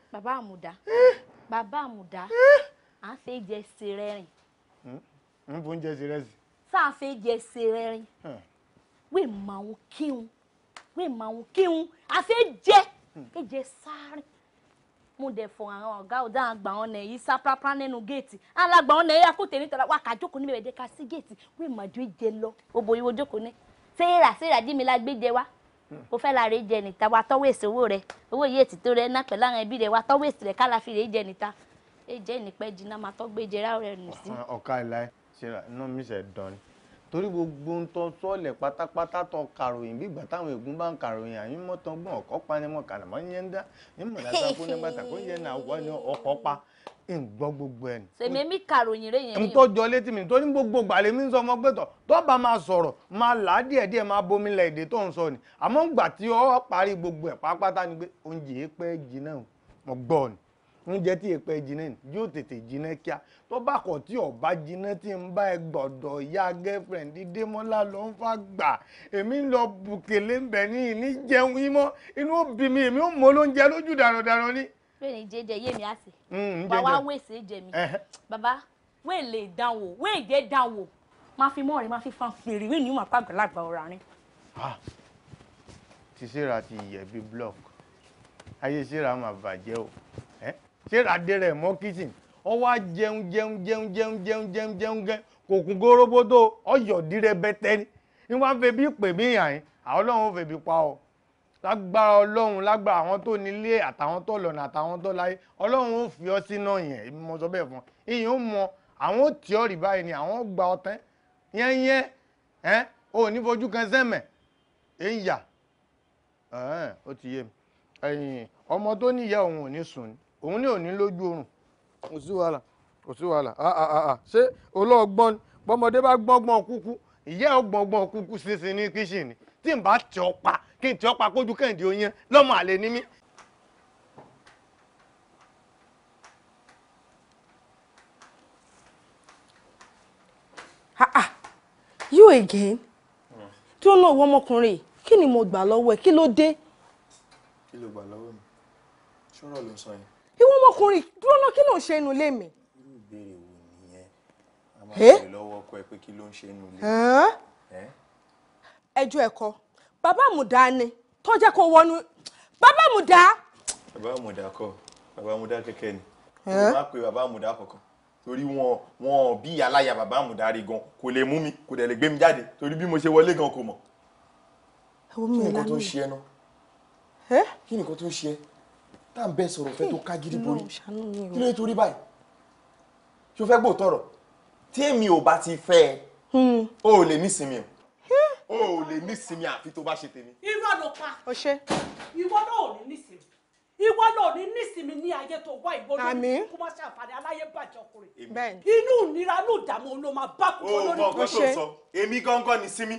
bàbá àmùdá bàbá àmùdá à ń fẹ́ jẹ ṣe rẹ́rìn. ń bọ́ ń jẹ ṣe rẹ́sì. tá a fẹ́ jẹ ṣe rẹ́rìn. wẹ́ẹ̀ máa ń kírun wẹ́ẹ̀ máa ń kírun a fẹ́ jẹ ẹ jẹ sáré mo dẹ̀ fọ àwọn ọ̀gá ọ̀dà àgbà ọ̀nà yìí sá pápá nínú géètì alàgbà ọ̀nà yìí akóte nítorí wà ká jókòó níbẹ̀ dé ká sí géètì wẹ́ẹ̀ máa jó lọ òbò ìwọ jókòó ní sẹ́yìn rà sẹ́yìn rà dí mi la jẹ wá o fẹ́ la rè jẹ níta wa tọ́wọ́ èsì owó rẹ owó yìí ètìtò rẹ ná pẹ̀lú àwọn ẹbí rẹ wa tọ́wọ́ èsì rẹ kálá fi rè jẹ níta èjẹ́ ìnípẹ́ jìnnà máa tọ́ gbé jẹrà rẹ nù sí. ọ̀ka ìlà ṣe inú mi ṣe dán ni torí gbogbo ń tọ́ sọ́ọ̀lẹ̀ pátápátá tọ́ karòyìn bí ìgbà táwọn ègún bá ń kàròyìn àyín mọ́tàn ọ̀kọ́ pa ni wọ́n kàlà mọ́ ń yẹn ń dá ní fún ní bàtà kó ọkọ̀ pa ń gbọ́ gbogbo ẹ̀. sèmi mi kàròyìn yẹn ni. n tó jọ létí mi torí gbogbo gbàlẹ́ mi ń sọ ọmọ bomi èdè tó ni àmọ́ ń gbà tí ọ parí gbogbo ẹ̀ ni pé oúnjẹ pẹ́ gbọ́ oúnjẹ tí èpè jiná yóò tètè jiná kíá tó bá tí ọba jiná tí ń bá ẹ gbọ̀dọ̀ ya girlfriend Démọ́lá ló ń fa gbà èmi ń lọ bùkélé ń bẹ̀ ní ìní jẹun imọ́ inú ó mi èmi ó mọ olóúnjẹ lójú darandaran ni. bẹ́ẹ̀ni jẹjẹ yé mi àsè wàá wèsè jẹ mi baba wéè lè dánwò wéè jẹ danwo máa fi mọ́ọ̀rẹ́ máa fi ṣé ìràdé rẹ̀ mọ́ kitchen ọ wá jẹun jẹun jẹun jẹun jẹun jẹun jẹun gẹ kò kún góróbódó ọyọ̀dí rẹ bẹ́tẹ́ ni ní wọ́n á fẹ́ bí pè mí yàn yín àwọn ọlọ́run fẹ́ bí pa ọ lágbára ọlọ́run lágbára àwọn tó nílé àtàwọn tó lọ́nà àtàwọn tó láyé ọlọ́run ó fi ọ sínú yẹn mo sọ bẹ́ẹ̀ fún ìyẹn ó mọ àwọn tí ọ rí báyìí ni àwọn gba ọtẹ yẹn yẹn ẹ o ní fojú kan sẹ́mẹ̀ ẹ ń yà ó ti yé mi ọmọ tó níyà òun ò ní sùn ni òun ní òní lójú oorun kò sí wàhálà kò sí wàhálà àà ah, ah, ah, ṣé olóògbọ́n bọ́mọdé bá gbọ́ngbọ́n kúkú ìyá ọgbọ̀ngbọ̀n kúkú sísin ní kíṣìnì tí n bá tì ọ́ pa kí n tì ọ́ pa kójú kẹ́hìndé oyin lọ́mọ àlè ní mí. you again tí ó lọ́wọ́ ọmọkùnrin kí ni mo gbà lọ́wọ́ ẹ̀ kí ló dé. kí ló gbà lọ́wọ́ mi ṣọ́rọ̀ ló sọ yẹn ìwọ ọmọkùnrin dúró náà kí ló ń ṣe inú ilé mi. irú ìbéèrè wo nìyẹn a máa bèrè lọ́wọ́ ọkọ ẹ pé kí ló ń ṣe inú ilé. ẹjọ́ ẹ̀kọ́ bàbá àmùdá ni tó jẹ́ kó wọnú bàbá àmùdá. bàbá àmùdá kọ́ bàbá àmùdá kẹ̀kẹ́ ni mo máa pe bàbá àmùdá kọ̀ọ̀kan torí wọn wọn bí aláya bàbá àmùdá rí gan kò lè mú mi kò dẹ̀ lè gbé mi jáde torí bí mo ṣe wọlé gan kò mọ̀. kí ni nǹkan tó ń ṣe ẹ náà kí ni nǹkan tó ń ṣe ẹ tá à ń bẹ sọ̀rọ̀ fẹ́ tó ká gidi borí kí ló yẹ torí báyìí ṣo fẹ́ gbọ́ tọrọ tí èmi ò bá ti fẹ́ ẹ hmm. o ò lè nísinmi o o ò lè nísinmi àfi tó bá ṣe tèmi. irọ́ ló pa ìwọ náà ò ní nísinmi ìwọ náà ò ní nísinmi ní ayé tó wá ìwọ lórí kó má ṣàǹfààní aláyé bàjẹ́ ọkùnrin inú ìnira inú ìdààmú ló máa bá kú lórí kó ṣe. o mọ nǹkan tó sọ èmi gángan ní sinmi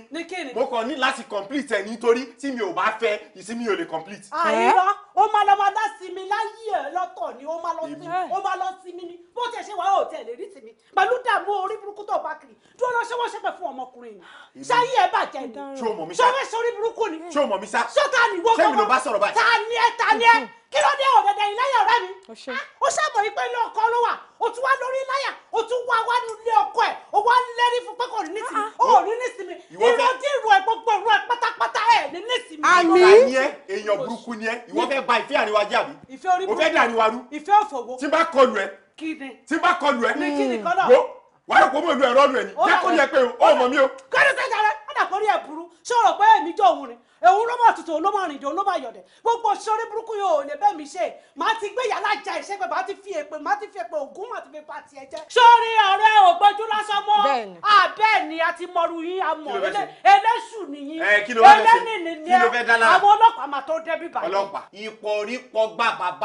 mo kàn ní láti complete ẹ nítorí tí mi ò bá fẹ́ ìsinmi ò lè complete. àìrọ́ ah, ó máa lọ máa dá sinmi láyé ẹ ni ó máa lọ sinmi ó máa lọ sinmi ni bó tiẹ̀ ṣe wà ó tiẹ̀ lè rí sinmi pẹ̀lú dààmú orí burúkú tó bá kiri dúró lọ ṣé wọ́n fún ọmọkùnrin ni ṣáyé ẹ bàjẹ́ ni ṣé o mọ̀ mi sá ṣé o mọ̀ mi sá ṣé o ta ni ẹ ta ni ẹ kí ló dé ọ̀dẹ̀dẹ̀ yìí láyà ọ̀rẹ́ mi ó ah, ṣàmọ̀ yìí pé ilé ọkọ ló wà ó tún wá lórí láyà ó tún wá wá ní ilé ọkọ ẹ̀ ó wá lẹ́rí fún pé kò ní nísìmí ó ah, ah. ò ní nísìmí ìrọ̀ tí ìrù ẹ̀ gbogbo ìrù ẹ̀ pátápátá ẹ̀ ní nísìmí. àmì èèyàn burúkú ni ẹ ìwọ fẹ́ ba ìfẹ́ àríwá jẹ àbí ìfẹ́ orí burúkú o fẹ́ dà àríwá rú ìfẹ́ òfòwò tí bá kọlù ẹ tí bá kọlù ẹ wo wàá rẹ kó mọ ìlú ẹ̀rọ ọdún ẹ ni jẹ́ kó yẹ pé o ò mọ̀ mí o. kọ́ni sẹ́jà rẹ̀ kódà kórí ẹ̀ burú ṣé o rò pé èmi jọ òun rìn òun ló mọ̀ tuntun ló mọ̀ rìn dùn ló mọ̀ yọ̀dẹ̀ gbogbo sórí burúkú yóò lè bẹ́ẹ̀ mi ṣe màá ti gbé yàrá ja ìṣe pé màá ti fi èpè màá ti fi èpè ògún màá ti fi pa tiẹ̀ jẹ́. sórí ọ̀rẹ́ ògbójú lásán mọ́ abẹ́ẹ̀ ah, ni a ti mọ̀rù yín amọ̀ ẹlẹ́sù nìyí ẹlẹ́nì nìyẹn àwọn ọlọ́pàá máa tó dẹ́bí bàbá. ọlọ́pàá ìpọ̀rí pọgbà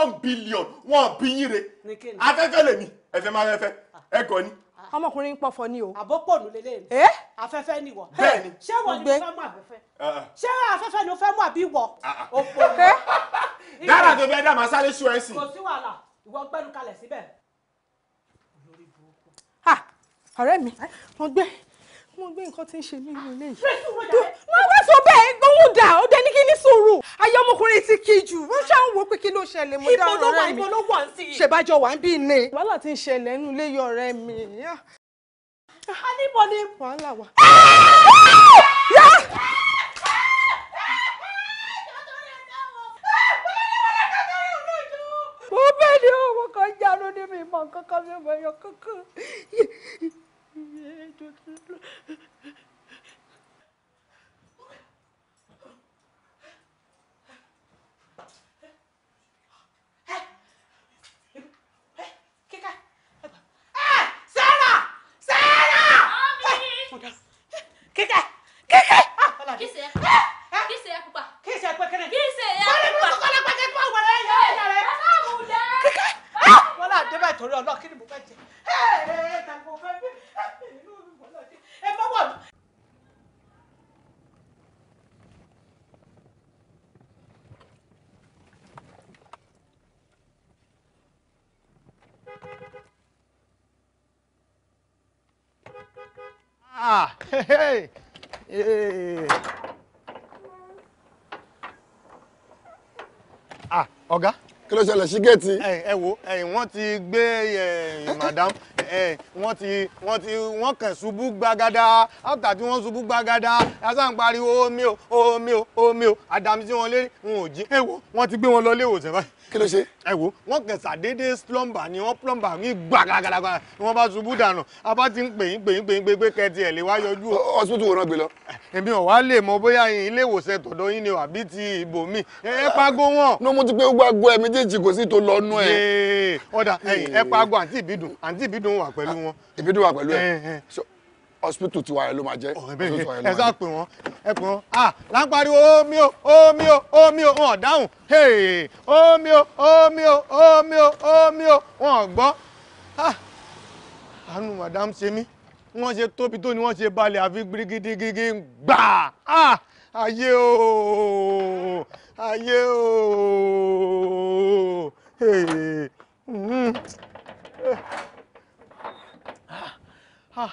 one billion one bíyìn re afẹ́fẹ́ lèmi ẹ̀fẹ́ máa fẹ́fẹ́ ọmọkùnrin pọfọ ni o. àbópò nù lélẹ̀ ni eh? afẹ́fẹ́ ni wọ. ṣé wọ ni o fẹ́ mú ah, àbẹ́fẹ́ ah. ṣé afẹ́fẹ́ ni o fẹ́ mú àbí wọ. Ah, òpò ní. Eh? dára tó bẹ́ẹ̀ dá màá sáré sùn ẹ̀ sí. kò sí wàhálà ìwọ gbẹ́nu kalẹ̀ síbẹ̀. ọ̀rẹ́ mi mo gbé mo gbé nǹkan tí ń ṣe mí nílé yìí. máa wá sọ bẹ́ẹ̀ gbóhùn dà ó dé ní kí ní sùúrù ayé ọmọkùnrin ti kí jù wọ́n ṣáà ń wo pé kí ló ṣẹlẹ̀ mo dá ọ̀rẹ́ mi ṣèbájọ wà ń bí ní. wàhálà ti ń ṣẹlẹ̀ nínú ilé yọ ọ̀rẹ́ mi. Ah. a ní bọ̀ ni wàhálà wà. Ah! mo bẹ́ẹ̀ ni ọmọ kan jáde ní mi mọ̀ kankan mi mọ̀ ẹ̀yọ kankan torí ọlọ́kí ni ló ṣẹlẹ̀ sí géètì. ẹ wo wọ́n ti gbé madam wọ́n ti wọ́n ti wọ́n kàn ṣubú gbagada after tí wọ́n ṣubú gbagada asan pariwo omi o omi o omi o àdàmísí wọn lérí wọn ò jí ẹ wo wọ́n ti gbé wọn lọ ilé ìwòsàn báyìí. kí ló ṣe ẹ wo wọ́n kẹsà déédéé plumber ni wọ́n plumber ní gbàgàgàgà ni wọ́n bá ṣubú dànù abá ti ń pèyín pèyín pèyín pé pé kẹtì ẹ̀ lè wá yọjú o. hospital wo náà gbé lọ. èmi ò wá lè mọ bóyá yín ilé ìwòsàn tọ̀dọ̀ yín ni àbí ti ìbò mi ẹ pagó wọn. ní mo ti pé gbogbo ẹ méjèèjì kò sí tó lọ nú ẹ. ọ̀dà ẹ pagó àǹtí ìbídùn àǹtí ìbídùn wà pẹ̀lú wọn. ìbídùn wà pẹ̀lú ẹ hospital tiwa yẹn ló máa jẹ́ ẹ sá pè wọ́n ẹ pè wọ́n à láǹpariwo omi o omi o omi o wọn ò dáhùn omi o omi o omi o omi o wọn ò gbọ́ àánú madam ṣe mí wọ́n ṣe tóbi tó ni wọ́n ṣe balẹ̀ àfi gbirigidigigi gbà ayé o ayé o ah ah.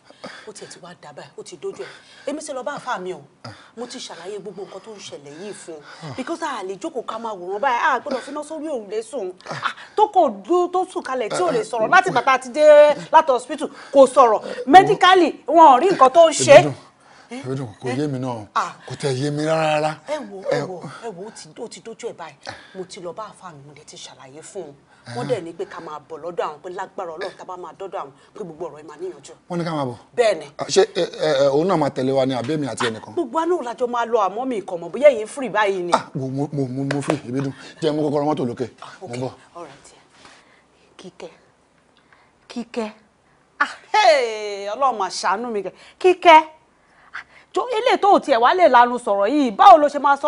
ó tiẹ̀ ti wá dà báyìí ó ti dójú ẹ̀ èmi sì lọ bá àfa mi o mo ti ṣàlàyé gbogbo nǹkan tó ń ṣẹlẹ̀ yìí fún un because a lè jókòó ká máa wòran báyìí a gbọ́dọ̀ fi iná sórí òrùlé sùn ah, tó kò dúró tó sùn kalẹ̀ tí ò lè sọ̀rọ̀ láti bàtà ti dé láti hospital kò sọ̀rọ̀ medically wọn ò rí nǹkan tó ń ṣe ẹdùn kò yé mi náà ah. kò tẹ yé mi rárá rárá. ẹ wo ẹ wo ẹ wo ó ti dójú ẹ báyìí mo ti lọ bá àfa mi mo wọ́n dẹ̀ ní pé ká máa bọ̀ lọ́dọ̀ àwọn pé lágbára Ọlọ́run tá a bá máa dọ́dọ̀ àwọn pé gbogbo ọ̀rọ̀ ẹ máa níyànjú. wọ́n ní ká máa bọ̀. bẹ́ẹ̀ni. Ah, ṣé ẹ ẹ òun náà máa tẹ̀lé wa ni àbẹ́mi àti ẹnìkan. gbogbo àná òun làjọ máa lọ àmọ́ mi ìkànnì bóyá èyí ń fìrì báyìí ni. Ah, mo mo mo mo fìrì ibi dùn jẹ́ mo kọ́kọ́rọ́ mọ́tò lókè ah, mo bọ̀. kíkẹ́ kíkẹ́ Ọlọ́run máa ṣàánú mi kíkẹ́ ilé tó tiẹ̀ wá lanu sọ̀rọ̀ yìí báwo lo ṣe máa sọ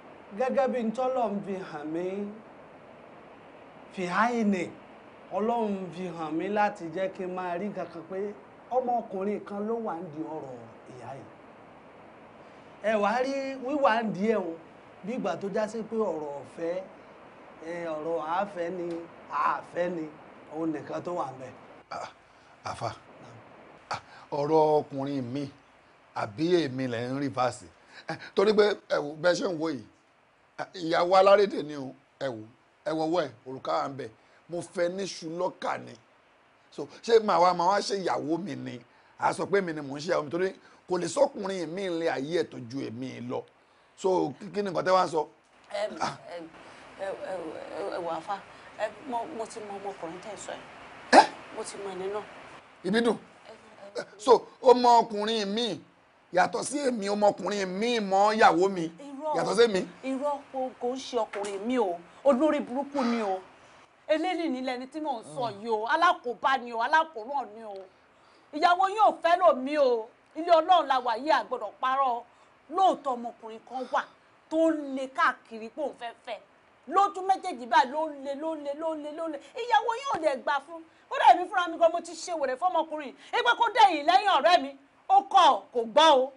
gẹ́gẹ́ bí ntọ́lọ̀ ń fi hàn mí fìháìnì ọlọ́run fi hàn mí láti jẹ́ kí n máa rí kankan pé ọmọkùnrin kan ló wà ń di ọ̀rọ̀ ìyá yìí ẹ wàá rí wíwà ń di ẹ̀hún bí ìgbà tó já sí pé ọ̀rọ̀ ọ̀fẹ́ ọ̀rọ̀ àáfẹ́ ni àáfẹ́ ni òun nìkan tó wà ń bẹ̀. Ah, àfa ọ̀rọ̀ ọkùnrin mi àbí èmi lẹ́ ń rí torí pé bẹ́ẹ̀ ṣe ń wò yìí ìyàwó alárédè ni o ẹ̀wò ẹ̀wọ̀wọ́ ẹ̀ òrùka wà ń bẹ̀ mo fẹ́ ní ṣùlọ́kà ni so ṣé màá wá màá wá ṣe ìyàwó mi ni à sọ pé mi ni mò ń ṣe ìyàwó mi torí kò lè sọkùnrin mi ń lé ayé ẹ̀ tó ju èmi lọ so kí ni nǹkan tẹ́ wá ń sọ. Ah. ẹ ẹ ẹ wà á fa mo ti mọ ọmọkùnrin tẹ̀ sọ ẹ mo ti mọ ẹni náà. ibi dùn so ọmọkùnrin mi yàtọ̀ sí èmi ọmọkùnrin mi mọ ìyàwó mi yàtọ̀ sí mi. irọ́ kò ń ṣe ọkùnrin mi o olórí burúkú ni o eléyìí nílẹ̀ ni tí mò ń sọ yìí o alákòóbá ni o alákòóràn ni o ìyàwó yóò fẹ́ lòmí o ilé ọlọ́run la wà yìí àgbọ̀dọ̀ parọ́ lóòótọ́ ọmọkùnrin kan wà tó ń le káàkiri pò ń fẹ́ fẹ́ lójú méjèèjì báyìí ló ń le ló ń le ló ń le ló ń le ìyàwó yóò lè gbà fún ó dẹ̀ mí fúnra mi gan mo ti ṣe wèrè fọ́mọkùnrin ẹgbẹ́ kó dẹ̀yìn lẹ́yìn ọ̀rẹ́ mi ó kọ̀ kò gbọ́ o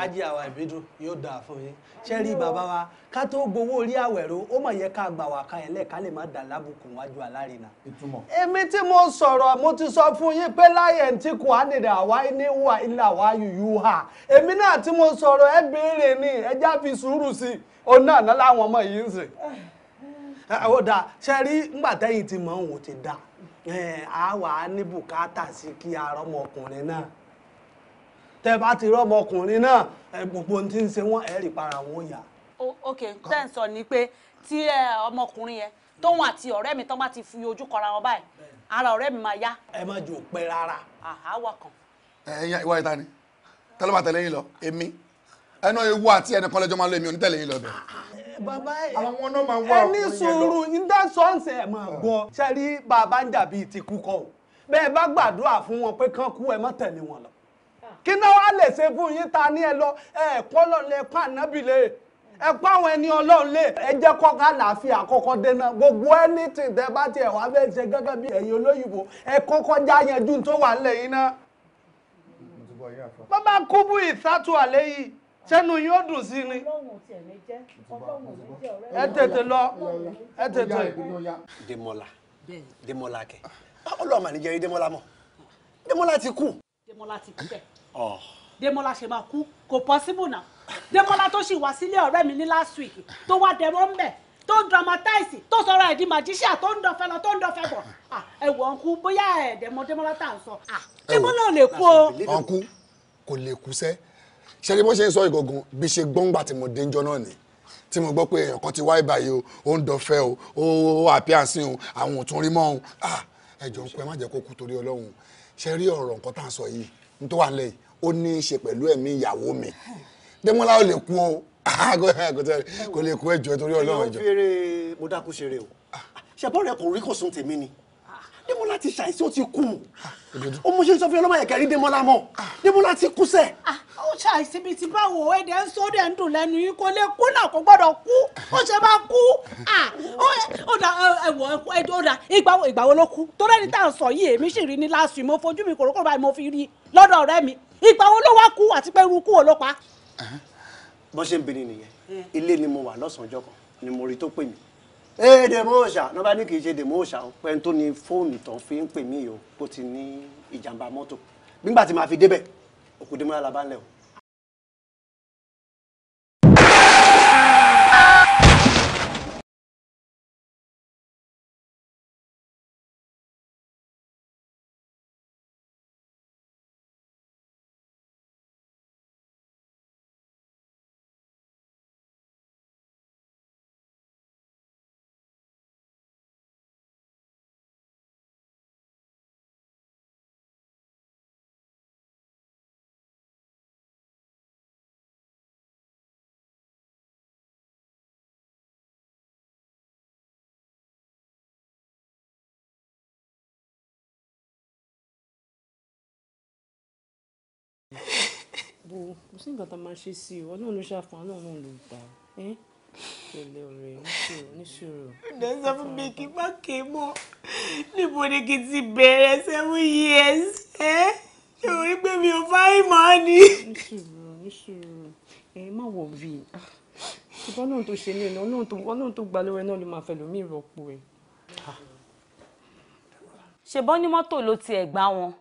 ajé awa ibidu yóò dáa fún yín ṣé rí bàbá tó gbowó orí ó mọ̀ yẹ ká gbà wá kan ẹ̀lẹ́ lè má dà wájú alárìnà. èmi tí mo sọ̀rọ̀ mo ti sọ fún yín pé láyẹ̀ tí kò á àwa ní wà ilà mo sọ̀rọ̀ ẹ béèrè ni fi sùúrù sí i òun náà ná láwọn ọmọ yìí ń eh, ó ṣe rí tẹ́yìn ti mọ̀ ti tẹ bá ti rọ́mọ ọkùnrin náà gbogbo ohun tí ń ṣe wọ́n ẹ̀rì para wọn yà. ok tẹ́ ń sọ ni pé tí ọmọkùnrin yẹn tóun àti ọ̀rẹ́ mi tán bá ti fi ojú kọra wọn báyìí ara ọ̀rẹ́ mi máa yá. ẹ má jò pẹ́ rárá. àháwà kan. ẹ̀yin ìwà ìta ni tẹ́lẹ̀ bá tẹ̀lé yín lọ èmi ẹnu ewu àti ẹnìkan lẹ́jọ́ máa lọ èmi onítẹ̀lé yín lọ bẹ̀. Eh, bàbá àwọn náà máa wá ọkùnrin yẹn lọ. ẹni sùúrù ń dá sọ́ọ̀sẹ̀ ẹ̀ máa gbọ́ ṣe rí bàbá ń dàbí ti kú kọ́ bẹ́ẹ̀ bá gbàdúrà fún wọn pé kán kú ẹ má tẹ̀lé wọn lọ kí náà wá lè ṣe fún yín ta ní ẹ lọ ẹ kọ́ lọ́lẹ̀ pa ànábì lè ẹ pa àwọn ẹni ọlọ́run lè ẹ jẹ́ kọ́ka làáfíà kọ́kọ́ dènà gbogbo anything tẹ bá tiẹ̀ wá fẹ́ ṣe gẹ́gẹ́ bí ẹ̀yin olóyìnbó ẹ kọ́kọ́ já yanjú tó wà ń lẹ̀ yín náà. bàbá kúbú ìsátú àlẹ́ yìí sẹ́nu yín ó dùn sí ni. ẹ tètè lọ ẹ tètè. Dèmọ́lá Dèmọ́lá kẹ ọlọ́run mà ní jẹ́rí Dèmọ́lá mọ́ Dèmọ́lá ti kú. Dèmọ́lá ti kú bẹ́ẹ̀. Oh. Demola ṣe máa kú kò possible náà Demola tó sì wá sílé ọ̀rẹ́ mi ní last week tó wá dẹ̀rọ ń bẹ̀ tó ń dramatize tó sọ̀rọ̀ ẹ̀dí magician tó ń dọ̀fẹ́ lọ tó ń dọ̀fẹ́ bọ̀ ah, ẹ̀wọ̀ ọ̀nkú bóyá ẹ̀ẹ́dẹ̀mọ Démọ́lá tà ń sọ ah, Démọ́lá ò lè kú o. ọ̀nkú kò lè kú sẹ́ ṣe ni bó ṣe ń sọ ìgangan bí ṣe gbọ́ngbà tí mo dé ń jọ náà ni tí mo gbọ́ pé èèyàn kan ti wá ìbàyè o ó ń dọ̀fẹ́ o ó àpíàsí o àwọn ò tún rí mọ́ o ẹ̀jọ̀ ń pẹ́ má jẹ́ kó kú torí Ọlọ́run ṣe rí ọ̀rọ̀ nǹkan tá à ń sọ yìí ní tó wà lẹ́yìn ó ní í ṣe pẹ̀lú ẹ̀mí ìyàwó mi Dẹ́mọ́lá ó lè kú o kò lè kú ẹjọ́ torí Ọlọ́run ẹjọ́. fèrè mo dákú ṣeré o ah. ṣẹbọ rẹ kò rí kò sún tèmi ni ah, Dẹ́mọ́lá ti ṣàìsí ó ti kú ah, o mo ṣe sọ fún ọlọ́mọ ẹ̀kẹ́rí Dẹ́mọ́lá mọ́ Dẹ́mọ́lá ti kú sẹ́. ó ṣàìsí bíi ti báwo ẹ̀dẹ̀ ń sọ́dẹ̀ ń dùn lẹ́nu yìí kò lè kú náà kò gbọ́dọ̀ kú ó ṣe máa kú ó dà ẹ̀wọ̀ ó dà ló kú tó rẹ́ni tá à sọ yìí èmi sì rí ní láàsù mo fojú mi kòrókòrò báyìí mo fi rí lọ́dọ̀ ọ̀rẹ́ mi ìgbà wo ló wá kú àti pé irú kú wo ló pa. bó ṣe ń bi ni nìyẹn ilé ni mo wà lọ́sàn-án ọjọ́ kan ni mo rí tó pè mí ee eh, dèmó òòṣà ní wọn bá ní kì í ṣe dèmó òòṣà pẹ́ẹ́n tó ní fóònù tán fi ń pè mí o kó ti ní ìjàmbá mọ́tò nígbà tí màá fi débẹ̀ òkú dèmó alábàálẹ̀ o wo kò sí nǹkan tá a máa ṣe sí o ọlọ́run ló ṣàfihàn náà náà ló gbà ẹ́ pẹ̀lẹ́ ọ̀rẹ́ níṣòro níṣòro. ọ̀dọ̀ sọ fún mi kí n má ké mọ́ níbo ni kí n ti bẹ̀rẹ̀ seven years ẹ́ ṣé o rí pé mi ò fáyín mọ́ ni. níṣòro níṣòro ẹ má wọ̀ bí ah, ṣùgbọ́n ọlọ́run tó ṣe ní ẹ̀ ọlọ́run tó gbà lọ́wọ́ ẹ náà ló máa fẹ́ lómi ìrọ́pò ẹ̀. Ah. ṣèbọn ní mọ́tò ló tiẹ̀ gbá wọn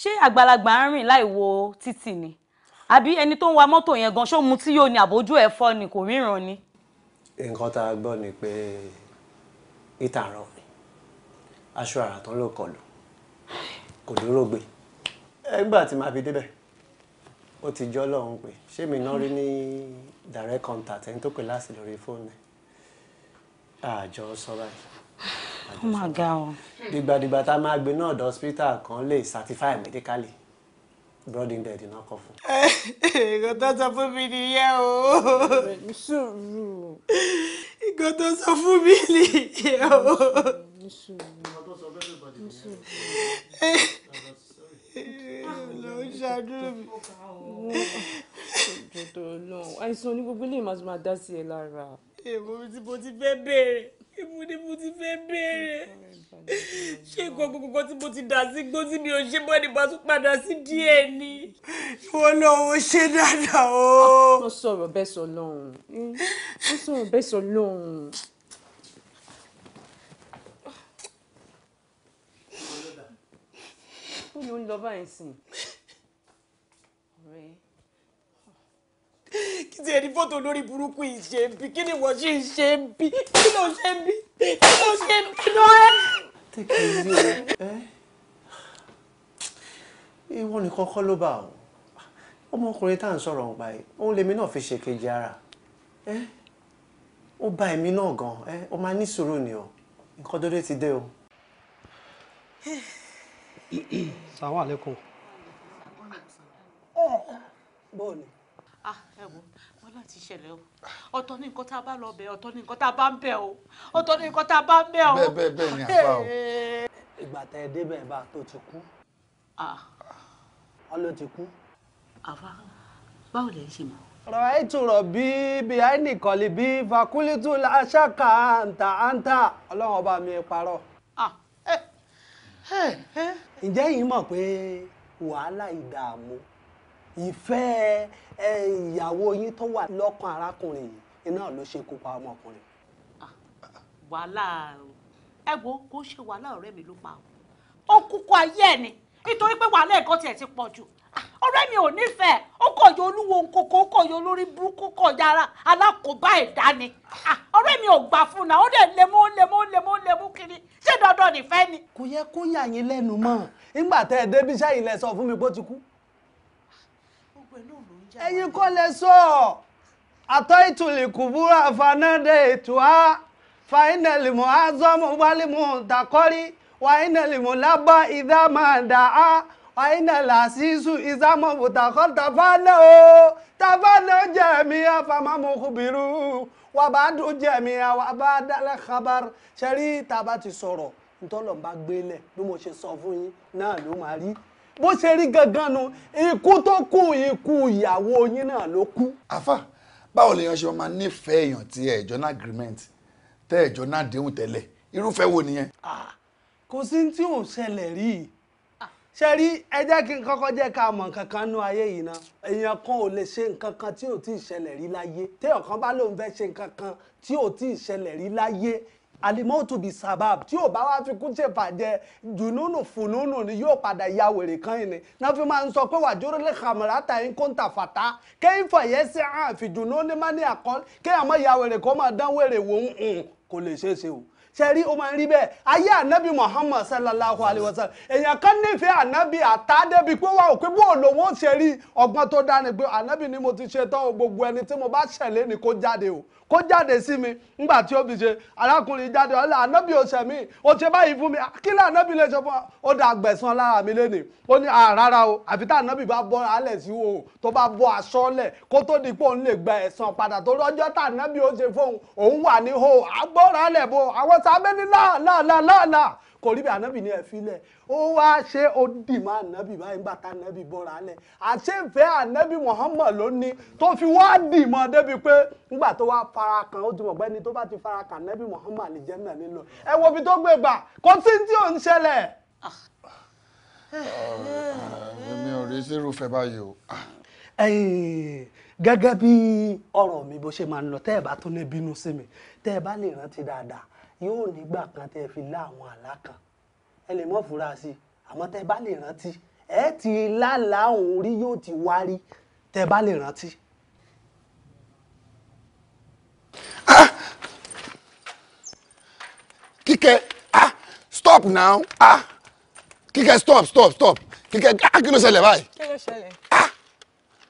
ṣé àgbàlagbà ń rìn láì wo títì ni àbí ẹni tó ń wa mọ́tò yẹn gan ṣó mu tí yóò ní àbójú ẹ̀ fọ́ ni kò ríran ni. nǹkan tá a gbọ́ ni pé peter rán mi aṣọ àrà tán ló kọlù kò dúró gbé ẹgbà tí màá fi débẹ̀ ó ti jọ́ lọ́hún pé ṣé mi náà rí ní direct contact ẹni tó pè láti lórí fóònù àjọ sọ báyìí. ó mà ga ọ. dìgbàdìgbà tá a máa gbé náà dọ́sítà kan lè certify medically god in dead iná kọ fún. ìgò tó sọ fún mi nìyẹn o. nísòrò. ìgò tó sọ fún mi nìyẹn o. ló ń ṣàdúrà mi. àìsàn ní gbogbo ilé ìmọ̀ àti máa dá sí ẹ lára. èèmọ̀ mi tí mo ti fẹ́ bẹ̀rẹ̀ èmi ni mo ti fẹ́ bẹ̀rẹ̀ ṣé nǹkan gbogbo tí mo ti dà sí gbó tí mi ò ṣe mọ́ ni màá tún padà sí díẹ̀ ni. ìwọ náà ó ṣe dáadáa o. ó sọ̀rọ̀ bẹ́ẹ̀ sọ lọ́hùn-ún ó sọ̀rọ̀ bẹ́ẹ̀ sọ lọ́hùn-ún. ó ń lọ báyìí sìn kí ti ẹni fọ́tò lórí burúkú yìí ṣe ń bí kí ni wọ́n ṣe ń ṣe ń bí kí ló ṣe ń bí kí ló ṣe ń bí lọ́wọ́. o ẹ ìwọ nìkan kọ́ ló bá o ọmọkùnrin tá à ń sọ̀rọ̀ ọ̀hún báyìí òun lèmi náà fi ṣe kejì ara ẹ eh? ó bá èmi náà gan ẹ eh? ó máa ní sùúrù ni o nǹkan dédé ti dé o. salaam alaikum. Oh, bọ́ọ̀lù ah ẹ wo wọn náà ti ṣẹlẹ̀ o ọ̀tọ̀ ní nǹkan tá a bá lọ bẹ̀ ọ̀tọ̀ ní nǹkan tá a bá ń bẹ̀ o ọ̀tọ̀ ní nǹkan tá a bá ń bẹ̀ o. bẹ́ẹ̀ bẹ́ẹ̀ bẹ́ẹ̀ ni àpá o. ìgbà tẹ ẹ débẹ̀ bá a tó ti kú. ah ló ti kú. àwa báwo lè ṣe mọ. rọ̀ẹ́tù rọ̀bí bí àìní kọ́lì bí vakulitu aṣáka àǹtà àǹtà ọlọ́run ọba mi parọ́. Ah, eh, eh, eh. ǹjẹ́ yìí mọ̀ pé wàhálà ìdààmú ìfẹ́ ìyàwó yín tó wà lọ́kàn arákùnrin yìí iná ló ṣe kópa ọmọkùnrin. Ah, wàhálà ẹ wo kó ṣe wàhálà ọ̀rẹ́ mi ló pa ó kúkú ayé ẹ̀ ni nítorí pé wàhálà ẹ̀kọ́ tiẹ̀ ti pọ̀ jù ah, ọ̀rẹ́ mi ò nífẹ̀ẹ́ ó kọ̀yọ olúwo nkoko ó kọ̀yọ olórí burúkú kọ̀yọ ara alákòóbá ẹ̀dá ni ah, ọ̀rẹ́ mi ò gbà fún un ó dẹ̀ lemú lemú lemú lemú kiri ṣé dandan nìfẹ́ ni. kò yẹ kó yà yín lẹ́nu mọ́ nígbà tẹ́ ẹ débi iṣẹ́ yìí lẹ sọ fún mi bó ti kú ẹ̀yin kò lè sọ àtọ́ ìtùlẹ̀ kùbúrà fanadé ètò á fainali mu azọmu wali mu dakọri wainali mu laba idama daa wainali asisu izamu butakọ tafana o tafana jẹmi afamamu kubiru wabadu jẹmi wabadala kabar sẹri taba ti sọ̀rọ̀ ntọlọmba gbélé bí mo ṣe sọ fún yín náà ló máa rí bó ṣe rí gangan nu ikú tó kù ikú ìyàwó yín náà ló kú. àfà báwo lèèyàn ṣe máa nífẹ̀ẹ́ èèyàn tí ẹ̀jọ́ náà agreement tẹ́ ẹ̀jọ́ náà déhùn tẹ́lẹ̀ irúfẹ́ wo nìyẹn. kò sí tí ò ń ṣẹlẹ̀ rí i ṣe rí ẹ jẹ́ kí n kọ́kọ́ jẹ́ ká mọ̀ nǹkan kan nú ayé yìí ná èèyàn kan ò lè ṣe nǹkan kan tí ò tí ì ṣẹlẹ̀ rí láyé téèyàn kan bá lóun fẹ́ ṣe nǹkan kan tí ò tí ì ṣẹlẹ̀ rí láyé alimọ́tò bíi sabab tí ò bá wá fi kú ṣe fàjẹ dùnúnù fùnúnù ni yóò padà ya wèrè kan yìí ni náà fi máa ń sọ pé wàjúrò lè xamara ta yín kó ń ta fàtà kéyìn fàyẹ́ sí àfi dùnú ní má àkọ́ kéyàn má ya wèrè kó máa dán wèrè wò ń hùn kò lè ṣeé ṣe o ṣe o máa ń rí bẹ́ẹ̀ ayé ànábì muhammad sallallahu alayhi wa sallam èèyàn kan nífẹ̀ẹ́ ànábì àtàdébí pé wà ó pé bó lòun ó ṣe rí ọgbọ́n tó dání pé ànábì ni mo ti ṣe tán gbogbo ẹni tí mo bá ṣẹ̀lé ni kó jáde o kó jáde sí mi ńgbà tí ó fi ṣe arákùnrin jáde ọ̀la ànábì ọ̀sẹ̀ mi ó ṣe báyìí fún mi kí lè ànábì lè ṣe fún ọ ó da àgbẹ̀sán lára mi lénìí ó ní àràrà o àfi tá ànábì bá bọ́ alẹ̀ sí o tó bá bọ́ aṣọ lẹ̀ kó tó di pé òun lè gba ẹ̀san padà tó lọ́jọ́ tá ànábì ó ṣe fóun òun wà ní hó àgbọ̀ràn alẹ̀ bo àwọn sábẹ́ ní láàlá láàlá kò rí bí ànábì ní ẹ filẹ̀ ó wá ṣe ó dì mọ́ ànábì báyìí nígbà tá ànábì bọ́ra lẹ̀ àṣefẹ́ ànábì Muhammad ló ní tó fi wá dì mọ́ débi pé nígbà tó wá fara kan ó ti mọ̀ pé tó bá ti fara kan ànábì Muhammad lè jẹ́ náà nílò ẹ wo ibi tó gbé gbà kò sí tí ò ń ṣẹlẹ̀. èmi ò rí sí irúfẹ́ báyìí o. gẹ́gẹ́ bí ọ̀rọ̀ mi bó ṣe máa ń lọ tẹ́ ẹ bá tún lè bínú sí mi tẹ́ ẹ bá lè rántí dáadáa yóò nígbà kan tẹ́ fi lá àwọn àlá kan ẹ lè mọ́ fura sí i àmọ́ tẹ́ bá lè rántí ẹ ti lálàá òun rí yóò ti wá rí tẹ́ bá lè rántí. Ah! kíkẹ́ ah stop now ah kíkẹ́ stop stop stop kíkẹ́ ah kí ló ṣẹlẹ̀ báyìí. kí ló ṣẹlẹ̀. ah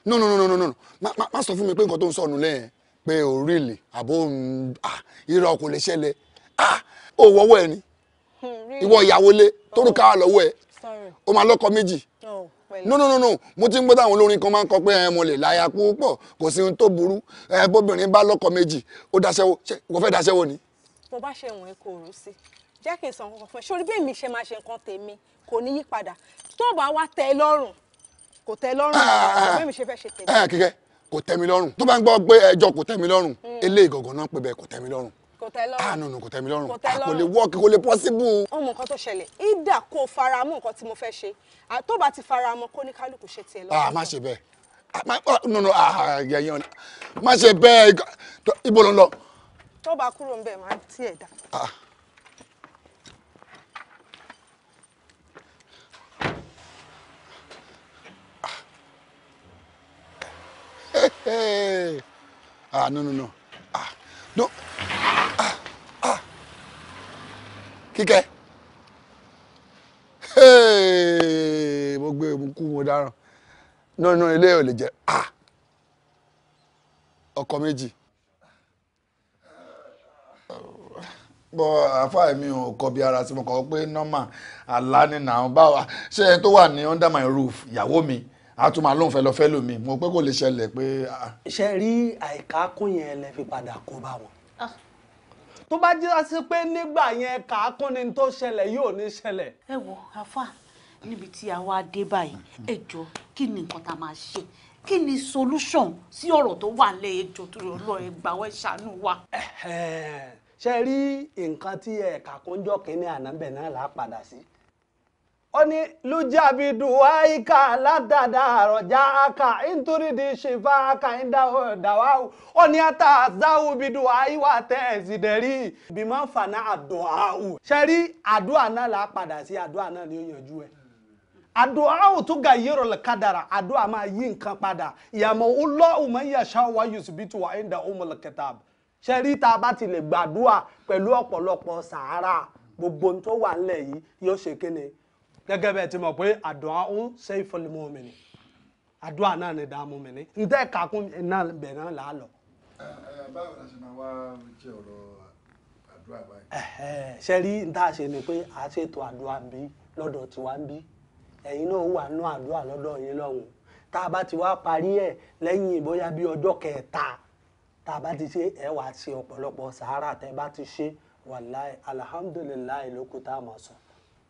no no no no no má má sọ fún mi pé nǹkan tó ń sọnù lẹ́yìn pé ò really? lè àbó ah irọ́ kò lè ṣẹlẹ̀ ah ó wọ́wọ́ ẹ ni hmm, ìwọ ìyàwó lé tórúkà wà oh, lọ́wọ́ ẹ ó máa lọ́kọ méjì oh, no no no no mo ti ń gbọ́ táwọn olórin kan máa ń kọ pé ẹ lè láya púpọ̀ kò sí ohun tó burú ẹ bá lọ́kọ méjì ó daṣẹ́wó ṣe kò fẹ́ daṣẹ́wó ni. bó bá ṣe wọ̀n ẹ kò rú sí jẹ́ kí n sọ nǹkan fún ẹ sórí bí èmi ṣe máa ṣe nǹkan tèmi kò ní yí padà tó bá wá tẹ́ ẹ lọ́rùn kò tẹ́ ẹ lọ́rùn ah, ah, ah. bí èmi ṣe fẹ́ ṣe tèmi. ẹ eh, kíkẹ́ kò tẹ́ mi lọ́rùn tó bá ń gbọ́ pé ẹjọ́ kò tẹ́ mi lọ́rùn hmm. eléyìí gangan náà pé bẹ́ẹ̀ kò tẹ́ mi lọ́rùn kò tẹ́ lọ́rùn ah no no kò tẹ́ mi lọ́rùn kò tẹ́ ah, lọ́rùn kò lè work kò lè possible. ọmọ nǹkan tó ṣẹlẹ̀ ìdá kò fara mọ́ nǹkan tí mo fẹ́ ṣe tó bá ti fara mọ́ kó ní kálukú ṣe tiẹ̀ lọ́rùn. a ah, má ṣe bẹ́ẹ̀ ah, oh, no no yẹyẹ ọ̀nà má ṣe bẹ́ẹ̀ ibo ló ń lọ. tó bá kúrò ń bẹ̀ máa tiẹ̀ dà. Ah, no, no, no. Ah, no. kíkẹ́ mo gbé mo kú mo dáràn náà náà ilé ò lè jẹ ah! ọkọ méjì bọ àfáà mi ò kọ bí ara sí mo kọ pé nọ́mà àlá ni nàá báwa ṣé ẹni tó wà ní under my roof ìyàwó mi a tún máa lóun fẹ́ lọ fẹ́ lómi mo pé kò lè ṣẹlẹ̀ pé. Ah. ṣe rí àìkákún yẹn lẹ fi padà kó bá wọn. Ah tó bá jẹ́ sí pé nígbà yẹn kàákún ni tó ṣẹlẹ̀ yóò ní ṣẹlẹ̀. ẹ wo àfa níbi tí a wá dé báyìí ẹ jọ kí ni nǹkan tá a máa ṣe kí ni solution sí ọ̀rọ̀ tó wà lẹ́ ẹjọ́ tó lọ lọ ẹgbà wẹ́ ṣàánú wa. ṣe rí nǹkan tí ẹ̀ka kúnjọ́ kínní ànábẹ̀ náà là á padà sí ó ní lújàbí duwaika ládàdà àròjà aka nítorí di ṣèfà aka ìdáwà ó ní ata àzáwù bí duwaiwa tẹ ẹ̀sìdẹ̀rí bímọ fana àdùnàwù. ṣe rí àdúrà náà la á padà sí àdúrà náà ni ó yanjú ẹ àdùnàwù tó ga yẹrọ lè kádàrà àdúrà máa yí nǹkan padà ìyàmọ̀ ọlọ́hùn máa ń yàṣà wá yusubitu wa inda umul kitab ṣe rí tá a bá ti lè gbàdúrà pẹ̀lú ọ̀pọ̀lọpọ̀ sàárà gbogbo tó wà ńlẹ̀ yìí yóò ṣe kéne gẹ́gẹ́ bẹ́ẹ̀ ti mọ̀ pé àdúà ń ṣe ìfọlùmọ́ mi ni àdúà náà ni dààmú mi ni ntẹ́ kakún náà bẹ̀ náà là á lọ. báwo la ṣe máa wá jẹ ọ̀rọ̀ àdúà báyìí. ṣe rí níta ṣe ni pé a ṣètò àdúà ń bí lọ́dọ̀ tiwa ń bí ẹ̀yin náà wà nù àdúà lọ́dọ̀ yín lọ́hùn tá a bá ti wá parí ẹ̀ lẹ́yìn ìbóyá bíi ọjọ́ kẹta tá a bá ti ṣe ẹ̀ wá ṣe ọ̀pọ̀lọpọ̀ sàárà tẹ́ bá ti ṣe wàláì alhamdulilayi ló kú tá a mọ̀ sọ.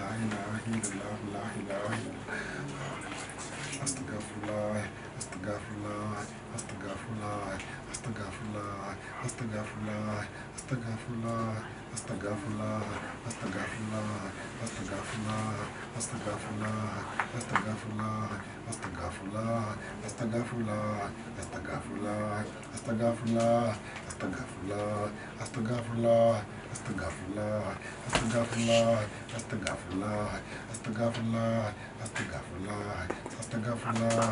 لا إله إلا الله لا إله إلا الله أستغفر الله أستغفر الله أستغفر الله أستغفر الله أستغفر الله أستغفر الله أستغفر الله أستغفر الله أستغفر الله أستغفر الله أستغفر الله أستغفر الله أستغفر الله أستغفر الله أستغفر الله أستغفر الله أستغفر الله Astaghfirullah, astaghfirullah, astaghfirullah, astaghfirullah, astaghfirullah, astaghfirullah,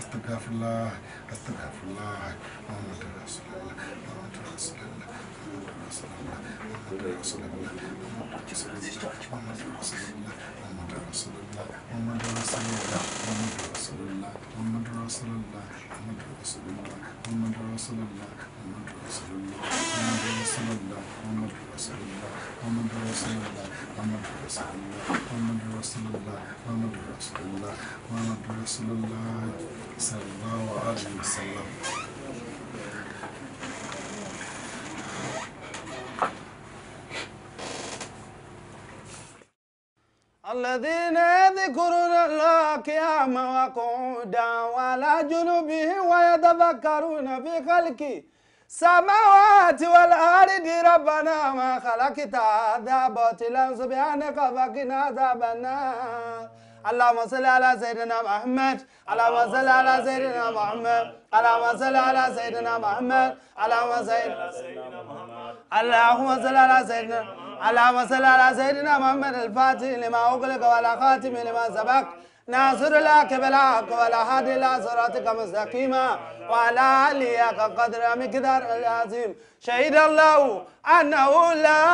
astaghfirullah, astaghfirullah, astaghfirullah, Muhammad Rasulullah, Muhammad Rasulullah, Muhammad Rasulullah, Muhammad Rasulullah, Muhammad Rasulullah, Muhammad Rasulullah, Muhammad Rasulullah, Muhammad Rasulullah, Muhammad Rasulullah, Muhammad Rasulullah, Muhammad Rasulullah, Muhammad Rasulullah, الذين يذكرون الله قياما وقعودا وعلى جنوبهم ويتذكرون في خلقه سماوات والأرض ربنا ما خلقت هذا باطلا سبحانك فقنا عذاب النار اللهم صل على سيدنا محمد اللهم صل على سيدنا محمد اللهم صل على سيدنا محمد اللهم صل على سيدنا محمد اللهم صل على سيدنا اللهم صل على سيدنا محمد الفاتح لما أغلق ولا خاتم لما سبق ناصر لا بلاك ولا هادي لا صراطك مستقيما ولا اليك قدر مقدار العظيم شهد الله انه لا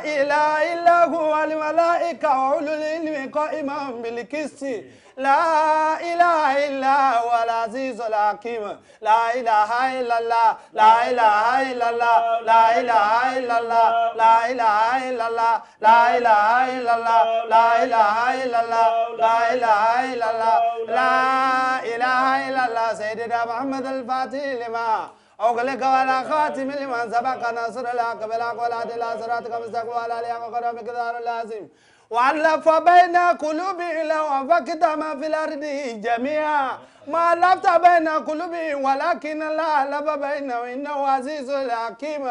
اله الا هو الملائكه وعلو العلم قائما بالقسط لا إله إلا هو العزيز الحكيم لا إله إلا الله لا إله إلا الله لا إله إلا الله لا إله إلا الله لا إله إلا الله لا إله إلا الله لا إله إلا الله لا إله إلا الله سيدنا محمد الفاتح لما أغلق ولا خاتم لمن سبق نصر الحق بالحق ولا تلا صراطك مستقبل عليك وقرب مقدار لازم وألف بين قلوبهم لو أنفقت ما في الأرض جميعا ما لفت بين قلوبهم ولكن الله لف بينه إنه عزيز الحكيم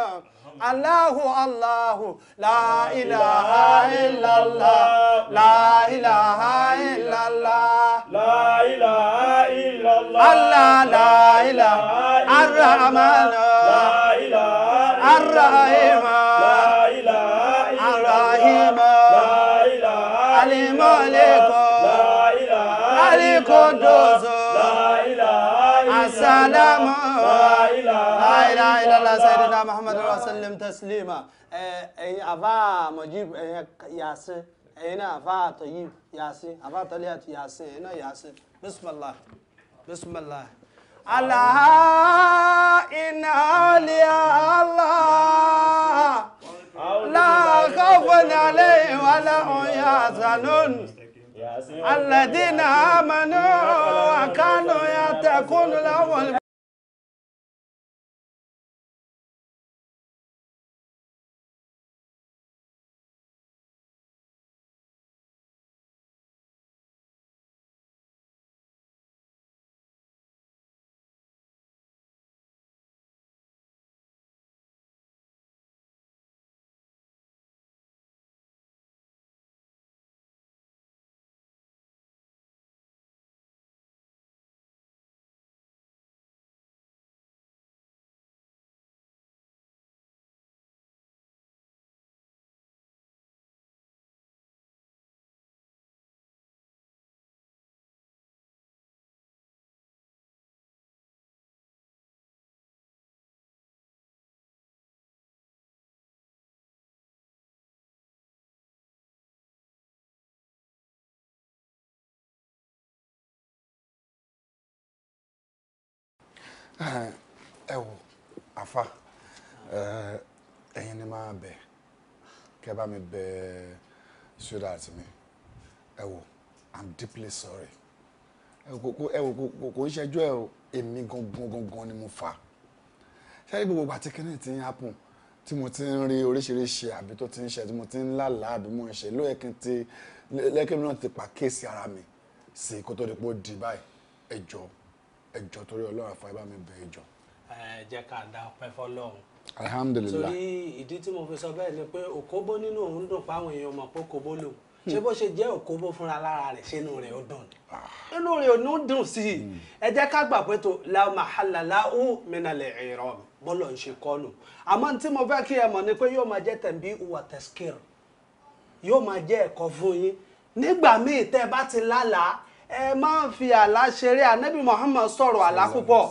الله الله لا إله إلا الله لا إله إلا الله لا إله إلا الله الله لا إله الرحمن لا إله الرحيم الا الله سيدنا محمد صلى الله عليه وسلم تسليما اي أبا إيه، مجيب إيه، ياسين هنا أبا طيب ياسين أبا طلعت ياسين هنا ياسين بسم الله بسم الله الله إن عليا الله لا خوف عليه ولا هم يحزنون الذين آمنوا وكانوا يتقون لهم ẹ wò àfa ẹ̀yin ni máa bẹ̀ kẹ́ bá mi bẹ̀ ṣúra àti mi ẹ i'm deeply sorry ẹ wò kò ń ṣẹjọ́ ẹ o èmi gangan gangan ni mo fà ṣé gbogbo ìgbà tí ti ń happen tí mo ti ń rí oríṣiríṣi àbí tó ti ń ṣe tí mo ti ń lálàá àbí mo ń ṣe lóye kí n ti lẹ́kẹ́ mi náà ti pàkíyèsí ara mi sí kó tó di pé ó di báyìí ẹ jọ̀ọ́ ẹjọ torí Ọlọ́run àfa ibà mi bẹ ẹjọ. ẹ jẹ́ ká da ọpẹ́ fọ́lọ́run. alhamdulilayi. torí ìdí tí mo fi sọ bẹ́ẹ̀ ni pé òkóbó nínú òun dùn fáwọn èèyàn mọ̀ pé kòbó lò ṣé hmm. bó ṣe jẹ́ òkóbó fúnra lára rẹ̀ ṣé inú rẹ̀ ó dùn ah. inú rẹ̀ ò ní dùn sí i hmm. ẹ jẹ́ ká gbà pé tó la mahala la ó mẹ́nàlẹ̀ ẹ̀rọ bọ́lọ̀ ń ṣe kọ́nù àmọ́ tí mo fẹ́ kí ẹ mọ̀ ni pé yóò máa jẹ́ tẹ̀m̀bí uwa tẹ̀síkìrì yóò máa jẹ́ ẹ̀kọ́ fún yín nígbà míì tẹ́ bá ti lálàá ẹ máa ń fi àlá ṣeré ànábì Muhammad sọ̀rọ̀ àlá púpọ̀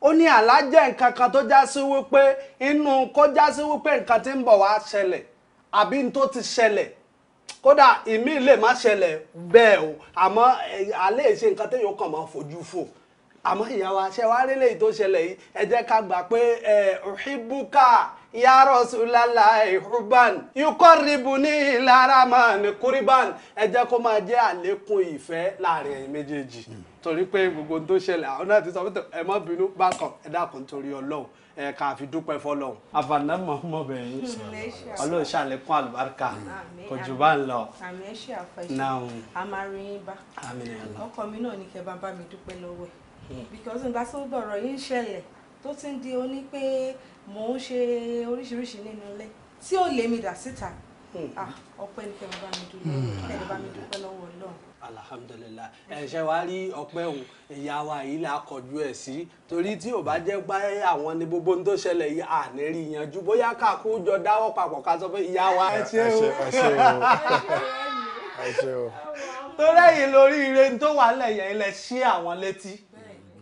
ó ní àlá jẹ́ nǹkan kan tó já sí wípé inú kó já sí wípé nǹkan tí ń bọ̀ wá ṣẹlẹ̀ àbí n tó ti ṣẹlẹ̀ kódà ìmí lè má ṣẹlẹ̀ bẹ́ẹ̀ o àmọ́ àlẹ́ ìṣe nǹkan téèyàn kàn máa fojú fò àmọ́ ìyàwó aṣẹ́wárí lè tó ṣẹlẹ̀ yìí ẹ jẹ́ ká gbà pé ẹ̀ ọ̀hìnbùkà. Eh, ya Rasulullahi hubban yuqarribuni ila rahman qurban ẹ jẹ́ kó máa jẹ́ àlékún ìfẹ́ láàrin ẹ̀yin méjèèjì hmm. torí pé gbogbo tó ṣẹlẹ̀ àwọn náà ti sọ pé ẹ má bínú bákan ẹ dákun torí ọlọ́run ẹ kà fi dúpẹ́ fọlọ́run. àfààní mọ̀ọ́mọ́ bẹ̀rẹ̀ ọlọ́run ṣàlékún àlùbáríkà kò jù bá ń lọ. àmì ẹ ṣe àfẹsẹ̀ àmàrin bá ọkọ mi náà ní kẹ bá bá mi dúpẹ́ lọ́wọ́ ẹ̀ hmm. because nígbà tó dọ̀rọ̀ yìí ń ṣẹlẹ̀ tó ti ń di oní pé mò ń ṣe oríṣiríṣi nínú ilé tí ò lè mi dà síta hmm. ah, ọpẹ́ ní kẹrin bá mi dúró hmm. kẹrin bá mi dúpẹ́ lọ́wọ́ Ọlọ́run. alhamdulillah ẹ̀ṣẹ̀ wa rí ọpẹ́ òun ìyá wa yìí la kọjú ẹ̀ sí torí tí ò bá jẹ́ pé àwọn ni gbogbo ohun tó ṣẹlẹ̀ yìí à ní rí yanjú bóyá ká kó jọ dáwọ́ papọ̀ ká sọ pé ìyá wa ẹ ṣé o ẹ ṣé o tó lẹ́yìn lórí ire tó wà lẹ́yìn ilẹ̀ ṣí àwọn létí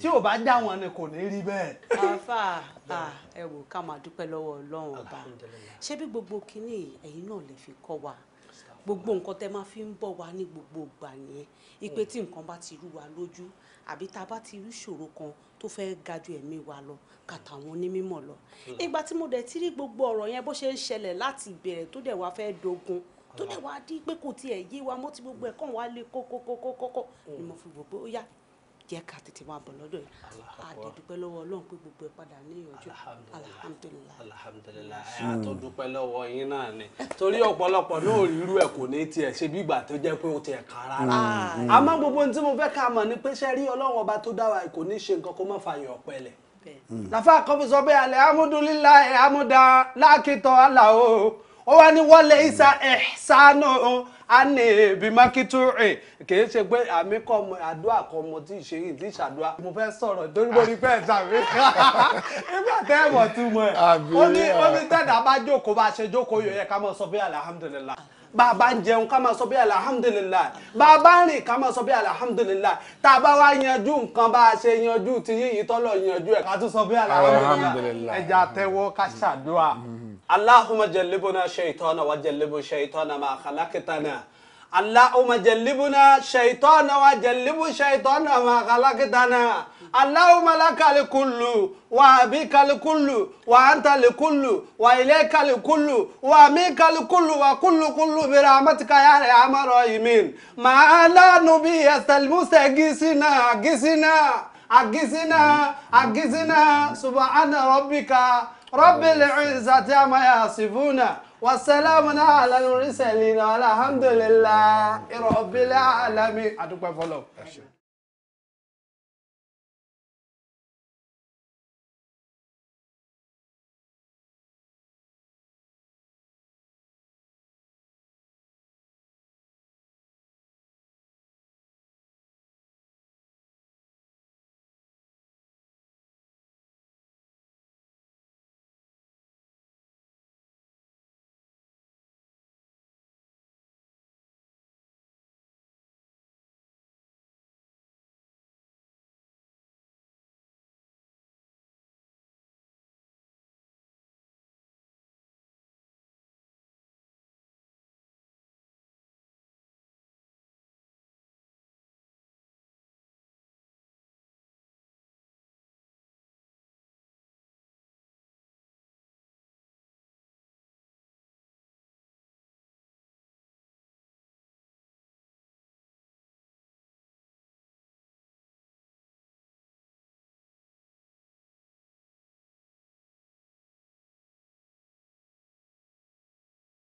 tí ò bá dá wọn ni kò ní rí bẹ́ẹ̀. Ah, ẹ wò ká máa dúpẹ́ lọ́wọ́ ọlọ́run ọba ṣé bí gbogbo kínní ẹ̀yin náà lè fi kọ́ wa gbogbo nǹkan tẹ máa fi ń bọ̀ wá ní gbogbo ìgbà nìyẹn ipe tí nǹkan bá ti rú wa lójú àbí tá a bá ti rí ìṣòro kan tó fẹ́ ga ju ẹ̀mí wa lọ kàtàwọn onímọ̀ lọ hmm. ìgbà tí mo dẹ̀ ti rí gbogbo ọ̀rọ̀ yẹn bó ṣe ń ṣẹlẹ̀ láti ìbẹ̀rẹ̀ tó dẹ̀ wá fẹ́ dogun tó dẹ̀ wá dí pé kò tiẹ̀ yé wa mọ́ tí gbogbo ẹ̀ kàn wá lé kókókókókó ni mo fi wò ó yá jẹ́ ká tètè wá bọ̀ lọ́dọ̀ yìí àdẹ̀dúpẹ́ lọ́wọ́ ọlọ́run pé gbogbo ẹ̀ padà ní ìyànjú alhamdulilayi. alhamdulilayi àtọ́dúpẹ́ hmm. lọ́wọ́ yín náà ni torí ọ̀pọ̀lọpọ̀ náà rírú ẹ̀ kò ní tiẹ̀ ṣe bí ìgbà tó jẹ́ pé ó tiẹ̀ kàn rárá. Hmm, hmm. àmọ́ gbogbo ohun tí mo fẹ́ ká mọ̀ ni pé ṣe rí ọlọ́run ọba tó dá wa kò ní ṣe nǹkan kó má fààyàn ọ̀pẹ̀lẹ̀ lafa akọ́fi sọ pé alẹ́ amúdúlílá ane bimakituri kìí ṣe pé àmì kọ́ ọmọ àdúrà kọ́ ọmọ tí ì ṣe yìí tí ì ṣàdúrà. mo fẹ́ sọ̀rọ̀ torí mo rí pé ẹ̀ sàmì nígbà tẹ́ ẹ̀ mọ̀ tú mọ̀ ẹ̀ ó ní ó ní tẹ́lẹ̀ a bá jókòó bá a ṣe jókòó yóò yẹ ká máa sọ bí alhamdulilayi bàbá ń jẹun ká máa sọ bí alihamudulilayi bàbá ń rìn ká máa sọ bí alihamudulilayi tá a bá wá yanjú nǹkan bá a ṣe yanjú ti yíyí tọ́lọ̀ yanjú ẹ̀ ká tún sọ bí alihamudulilayi ẹja tẹ́wọ́ ká ṣàdúrà. Mm-hmm. اللهم جلبنا شيطان وجلب شيطان ما خلقتنا اللهم جلبنا شيطان وجلب شيطان ما خلقتنا اللهم لك الكل وابيك الكل وأنت الكل وإليك الكل ومنك الكل وكل كل برحمتك يا أرحم الراحمين ما لا نبي يسلم سجسنا جسنا اجسنا اجسنا سبحان ربك rabbil izzati amma yasifuna wa salamun ala al-mursalin walhamdulillahi rabbil alamin adúpẹ́ fọlọ́.